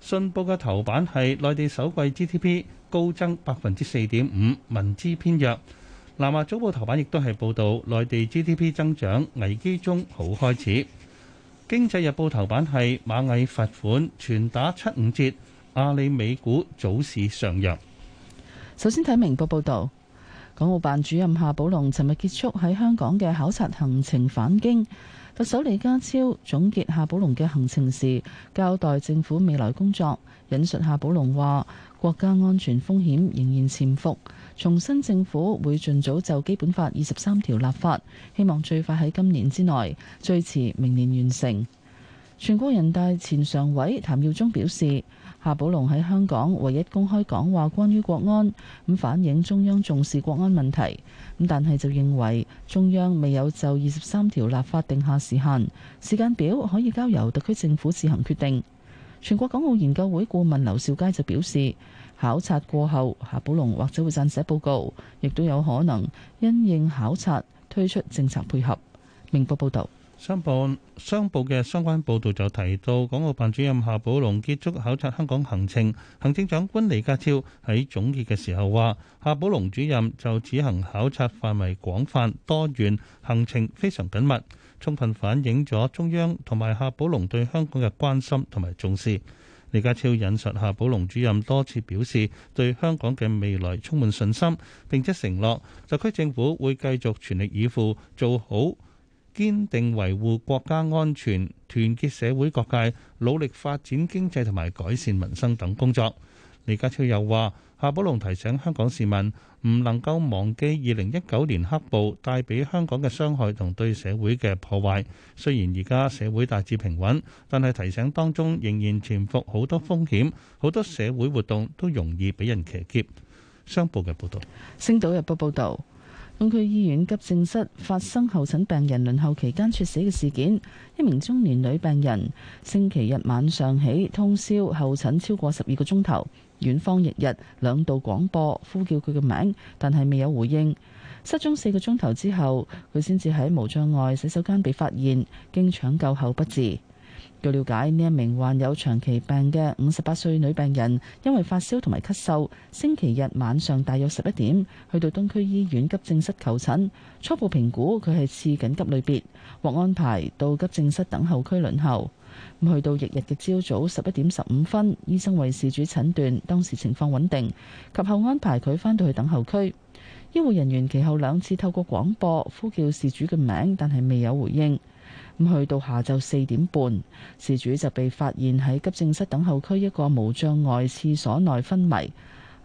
信報嘅頭版係內地首季 GDP 高增百分之四點五，民資偏弱。南華早報頭版亦都係報道內地 GDP 增長，危機中好開始。經濟日報頭版係螞蟻罰款全打七五折，阿里美股早市上揚。首先睇明報報道。港澳辦主任夏寶龍尋日結束喺香港嘅考察行程返京，特首李家超總結夏寶龍嘅行程時，交代政府未來工作。引述夏寶龍話：國家安全風險仍然潛伏，重申政府會盡早就基本法二十三條立法，希望最快喺今年之內，最遲明年完成。全國人大前常委譚耀宗表示。夏寶龍喺香港唯一公開講話，關於國安，咁反映中央重視國安問題，咁但係就認為中央未有就二十三條立法定下時限、時間表，可以交由特區政府自行決定。全國港澳研究會顧問劉兆佳就表示，考察過後夏寶龍或者會撰寫報告，亦都有可能因應考察推出政策配合。明報報道。商報商報嘅相關報導就提到，港澳辦主任夏寶龍結束考察香港行程，行政長官李家超喺總結嘅時候話：夏寶龍主任就此行考察範圍廣泛多元，行程非常緊密，充分反映咗中央同埋夏寶龍對香港嘅關心同埋重視。李家超引述夏寶龍主任多次表示對香港嘅未來充滿信心，並且承諾特區政府會繼續全力以赴做好。堅定維護國家安全，團結社會各界，努力發展經濟同埋改善民生等工作。李家超又話：夏寶龍提醒香港市民，唔能夠忘記二零一九年黑暴帶俾香港嘅傷害同對社會嘅破壞。雖然而家社會大致平穩，但係提醒當中仍然潛伏好多風險，好多社會活動都容易俾人騎劫。商報嘅報導，《星島日報》報導。東區醫院急症室發生候診病人輪候期間猝死嘅事件，一名中年女病人星期日晚上起通宵候診超過十二個鐘頭，院方翌日兩度廣播呼叫佢嘅名，但係未有回應。失蹤四個鐘頭之後，佢先至喺無障礙洗手間被發現，經搶救後不治。據了解，呢一名患有長期病嘅五十八歲女病人，因為發燒同埋咳嗽，星期日晚上大約十一點去到東區醫院急症室求診。初步評估佢係次緊急類別，獲安排到急症室等候區輪候。咁去到翌日嘅朝早十一點十五分，醫生為事主診斷當時情況穩定，及後安排佢返到去等候區。醫護人員其後兩次透過廣播呼叫事主嘅名，但係未有回應。咁去到下晝四點半，事主就被發現喺急症室等候區一個無障礙廁所內昏迷。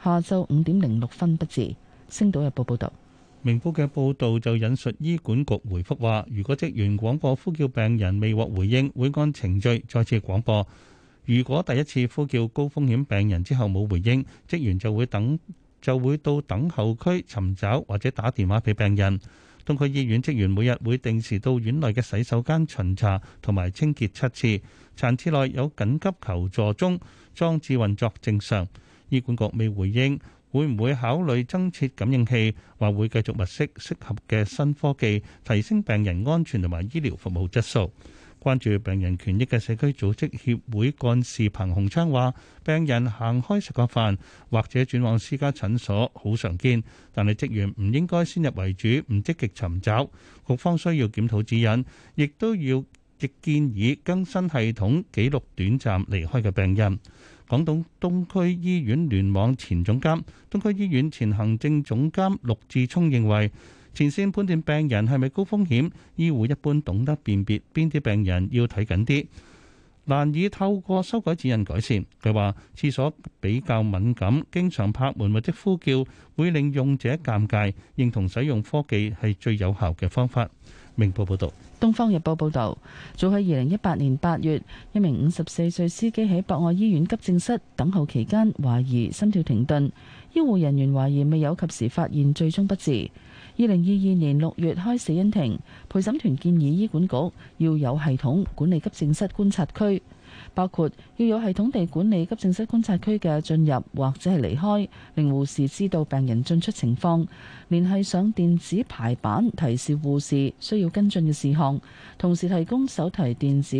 下晝五點零六分不治。星島日報報道。明報嘅報道就引述醫管局回覆話，如果職員廣播呼叫病人未獲回應，會按程序再次廣播，如果第一次呼叫高風險病人之後冇回應，職員就會等就會到等候區尋找或者打電話俾病人。東區醫院職員每日會定時到院內嘅洗手間巡查同埋清潔七次，殘廁內有緊急求助鐘，裝置運作正常。醫管局未回應會唔會考慮增設感應器，話會繼續物色適合嘅新科技，提升病人安全同埋醫療服務質素。關注病人權益嘅社區組織協會幹事彭洪昌話：病人行開食個飯或者轉往私家診所，好常見，但係職員唔應該先入為主，唔積極尋找。局方需要檢討指引，亦都要亦建議更新系統記錄短暫離開嘅病人。港島東區醫院聯網前總監、東區醫院前行政總監陸志聰認為。前線判斷病人係咪高風險，醫護一般懂得辨別邊啲病人要睇緊啲，難以透過修改指引改善。佢話：廁所比較敏感，經常拍門或者呼叫會令用者尷尬，認同使用科技係最有效嘅方法。明報報道：《東方日報》報道，早喺二零一八年八月，一名五十四歲司機喺博愛醫院急症室等候期間，懷疑心跳停頓，醫護人員懷疑未有及時發現，最終不治。二零二二年六月開死因庭，陪審團建議醫管局要有系統管理急症室觀察區，包括要有系統地管理急症室觀察區嘅進入或者係離開，令護士知道病人進出情況，聯繫上電子排版提示護士需要跟進嘅事項，同時提供手提電子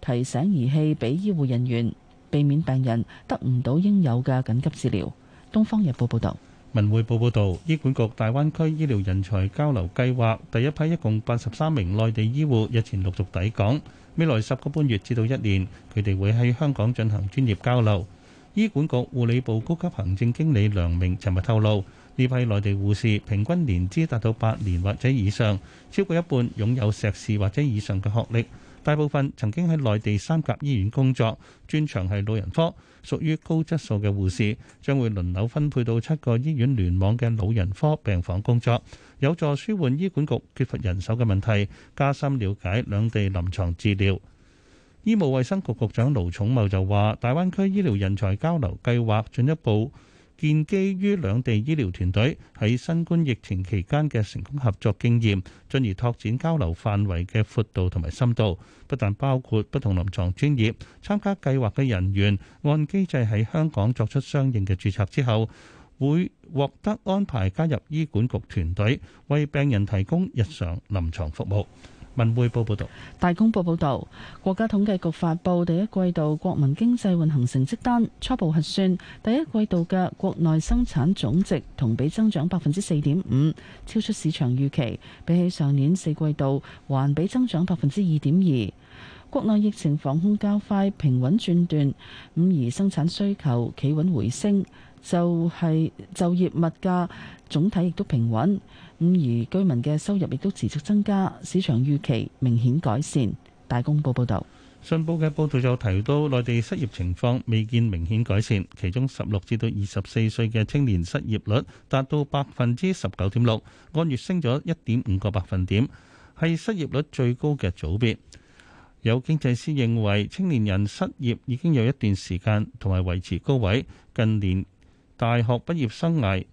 提醒儀器俾醫護人員，避免病人得唔到應有嘅緊急治療。《東方日報》報道。文匯報報道，醫管局大灣區醫療人才交流計劃第一批一共八十三名內地醫護日前陸續抵港，未來十個半月至到一年，佢哋會喺香港進行專業交流。醫管局護理部高級行政經理梁明尋日透露，呢批內地護士平均年資達到八年或者以上，超過一半擁有碩士或者以上嘅學歷，大部分曾經喺內地三甲醫院工作，專長係老人科。屬於高質素嘅護士將會輪流分配到七個醫院聯網嘅老人科病房工作，有助舒緩醫管局缺乏人手嘅問題，加深了解兩地臨床治療。醫務衛生局局長盧寵茂就話，大灣區醫療人才交流計劃進一步。建基於兩地醫療團隊喺新冠疫情期間嘅成功合作經驗，進而拓展交流範圍嘅闊度同埋深度，不但包括不同臨床專業參加計劃嘅人員，按機制喺香港作出相應嘅註冊之後，會獲得安排加入醫管局團隊，為病人提供日常臨床服務。文匯報報道，大公報報道，國家統計局發布第一季度國民經濟運行成績單，初步核算，第一季度嘅國內生產總值同比增長百分之四點五，超出市場預期。比起上年四季度，環比增長百分之二點二。國內疫情防控較快平穩轉段，咁而生產需求企穩回升，就係、是、就業物價總體亦都平穩。咁而居民嘅收入亦都持續增加，市場預期明顯改善。大公報報導，信報嘅報導就提到，內地失業情況未見明顯改善，其中十六至到二十四歲嘅青年失業率達到百分之十九點六，按月升咗一點五個百分點，係失業率最高嘅組別。有經濟師認為，青年人失業已經有一段時間同埋維持高位，近年大學畢業生涯。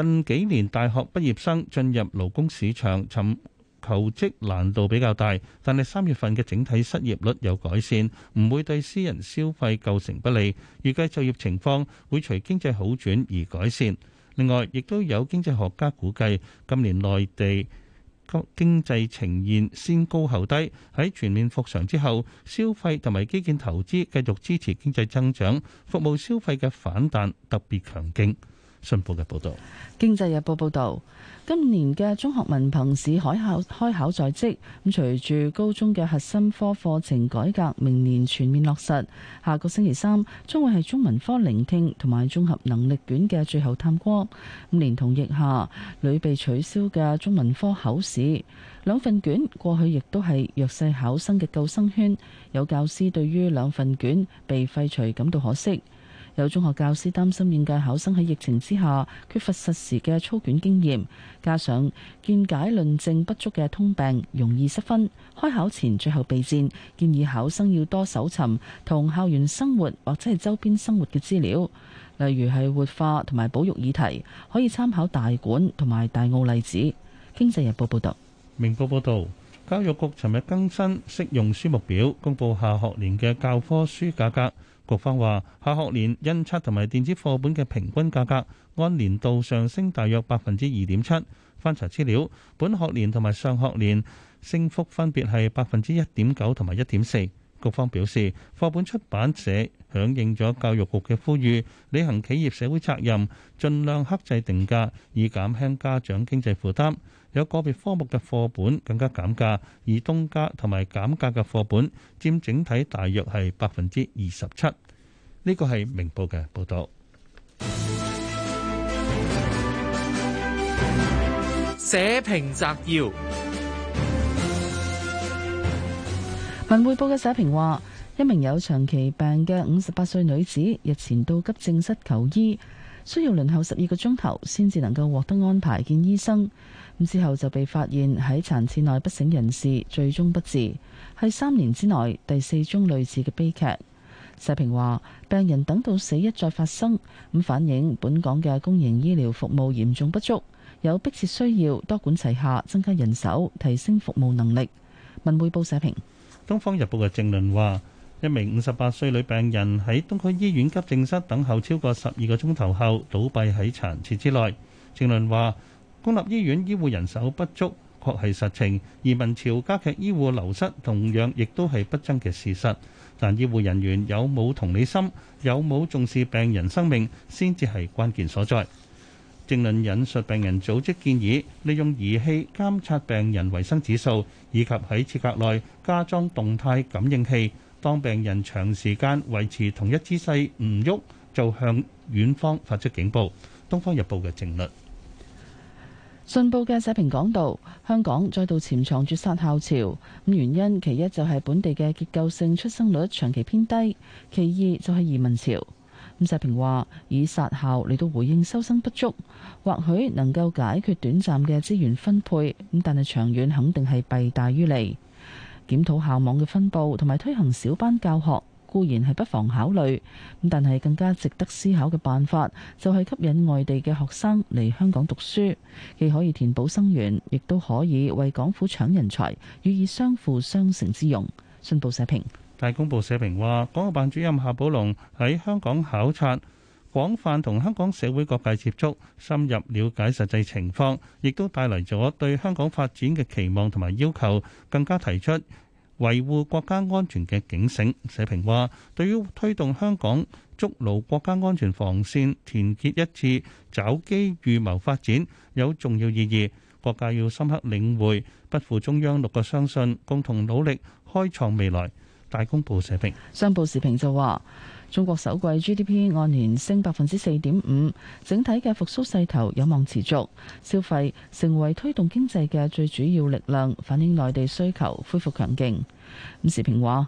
近幾年大學畢業生進入勞工市場尋求職難度比較大，但係三月份嘅整體失業率有改善，唔會對私人消費構成不利。預計就業情況會隨經濟好轉而改善。另外，亦都有經濟學家估計，今年內地經濟呈現先高後低，喺全面復常之後，消費同埋基建投資繼續支持經濟增長，服務消費嘅反彈特別強勁。新報嘅報導，《經濟日報》報導，今年嘅中學文憑試開考開考在即，咁隨住高中嘅核心科課程改革，明年全面落實。下個星期三將會係中文科聆聽同埋綜合能力卷嘅最後探戈。五年同疫下，屢被取消嘅中文科考試，兩份卷過去亦都係弱勢考生嘅救生圈。有教師對於兩份卷被廢除感到可惜。有中學教師擔心應屆考生喺疫情之下缺乏實時嘅操卷經驗，加上見解論證,證不足嘅通病，容易失分。開考前最後備戰，建議考生要多搜尋同校園生活或者係周邊生活嘅資料，例如係活化同埋保育議題，可以參考大館同埋大澳例子。經濟日報報道，明報報道，教育局尋日更新適用書目表，公布下學年嘅教科書價格。局方話：下學年印刷同埋電子課本嘅平均價格按年度上升大約百分之二點七。翻查資料，本學年同埋上學年升幅分別係百分之一點九同埋一點四。局方表示，課本出版社響應咗教育局嘅呼籲，履行企業社會責任，盡量克制定價，以減輕家長經濟負擔。有個別科目嘅課本更加減價，而凍價同埋減價嘅課本佔整體大約係百分之二十七。呢個係明報嘅報導。社評摘要：文匯報嘅社評話，一名有長期病嘅五十八歲女子日前到急症室求醫，需要輪候十二個鐘頭先至能夠獲得安排見醫生。咁之後就被發現喺殘廁內不省人事，最終不治，係三年之內第四宗類似嘅悲劇。社評話：病人等到死一再發生，咁反映本港嘅公營醫療服務嚴重不足，有迫切需要多管齊下，增加人手，提升服務能力。文匯報社評，《東方日報》嘅正論話：一名五十八歲女病人喺東區醫院急症室等候超過十二個鐘頭後倒閉喺殘廁之內。正論話。公立醫院醫護人手不足確係實情，移民潮加劇醫護流失，同樣亦都係不爭嘅事實。但醫護人員有冇同理心，有冇重視病人生命，先至係關鍵所在。政論引述病人組織建議，利用儀器監察病人維生指數，以及喺設格內加裝動態感應器，當病人長時間維持同一姿勢唔喐，就向院方發出警報。《東方日報》嘅政論。《信報》嘅社評講道：香港再度潛藏住殺校潮，咁原因其一就係本地嘅結構性出生率長期偏低，其二就係移民潮。咁社評話，以殺校嚟到回應收生不足，或許能夠解決短暫嘅資源分配，咁但係長遠肯定係弊大於利。檢討校網嘅分佈同埋推行小班教學，固然係不妨考慮，咁但係更加值得思考嘅辦法就係吸引外地嘅學生嚟香港讀書，既可以填補生源，亦都可以為港府搶人才，予以相輔相成之用。信報社評，大公報社評話，港澳辦主任夏寶龍喺香港考察，廣泛同香港社會各界接觸，深入瞭解實際情況，亦都帶嚟咗對香港發展嘅期望同埋要求，更加提出。維護國家安全嘅警醒，社評話：對於推動香港築牢國家安全防線，團結一致、找機預謀發展有重要意義。各界要深刻領會，不負中央六個相信，共同努力開創未來。大公報社評，商報時評就話、是。中國首季 GDP 按年升百分之四點五，整體嘅復蘇勢頭有望持續，消費成為推動經濟嘅最主要力量，反映內地需求恢復強勁。伍時平話：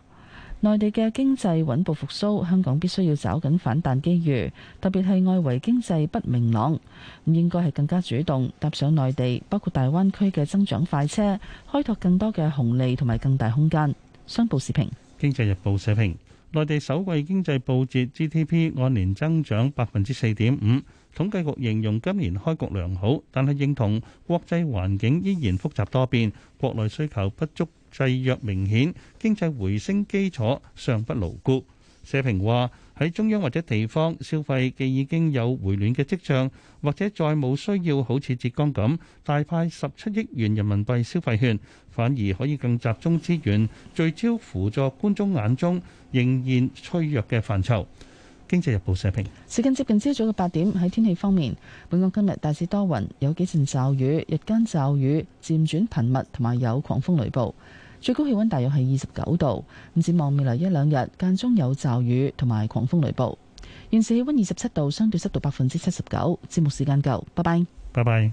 內地嘅經濟穩步復蘇，香港必須要找緊反彈機遇，特別係外圍經濟不明朗，應該係更加主動搭上內地，包括大灣區嘅增長快車，開拓更多嘅紅利同埋更大空間。商報時評，經濟日報社評。內地首季經濟報捷，GDP 按年增長百分之四點五。統計局形容今年開局良好，但係認同國際環境依然複雜多變，國內需求不足制約明顯，經濟回升基礎尚不牢固。社評話，喺中央或者地方消費既已經有回暖嘅跡象，或者再冇需要好似浙江咁大派十七億元人民幣消費券，反而可以更集中資源聚焦輔助觀眾眼中仍然脆弱嘅範疇。經濟日報社評。時間接近朝早嘅八點，喺天氣方面，本港今日大致多雲，有幾陣驟雨，日間驟雨漸轉頻密，同埋有狂風雷暴。最高氣温大約係二十九度。咁展望未來一兩日，間中有驟雨同埋狂風雷暴。現時氣温二十七度，相對濕度百分之七十九。節目時間夠，拜拜。拜拜。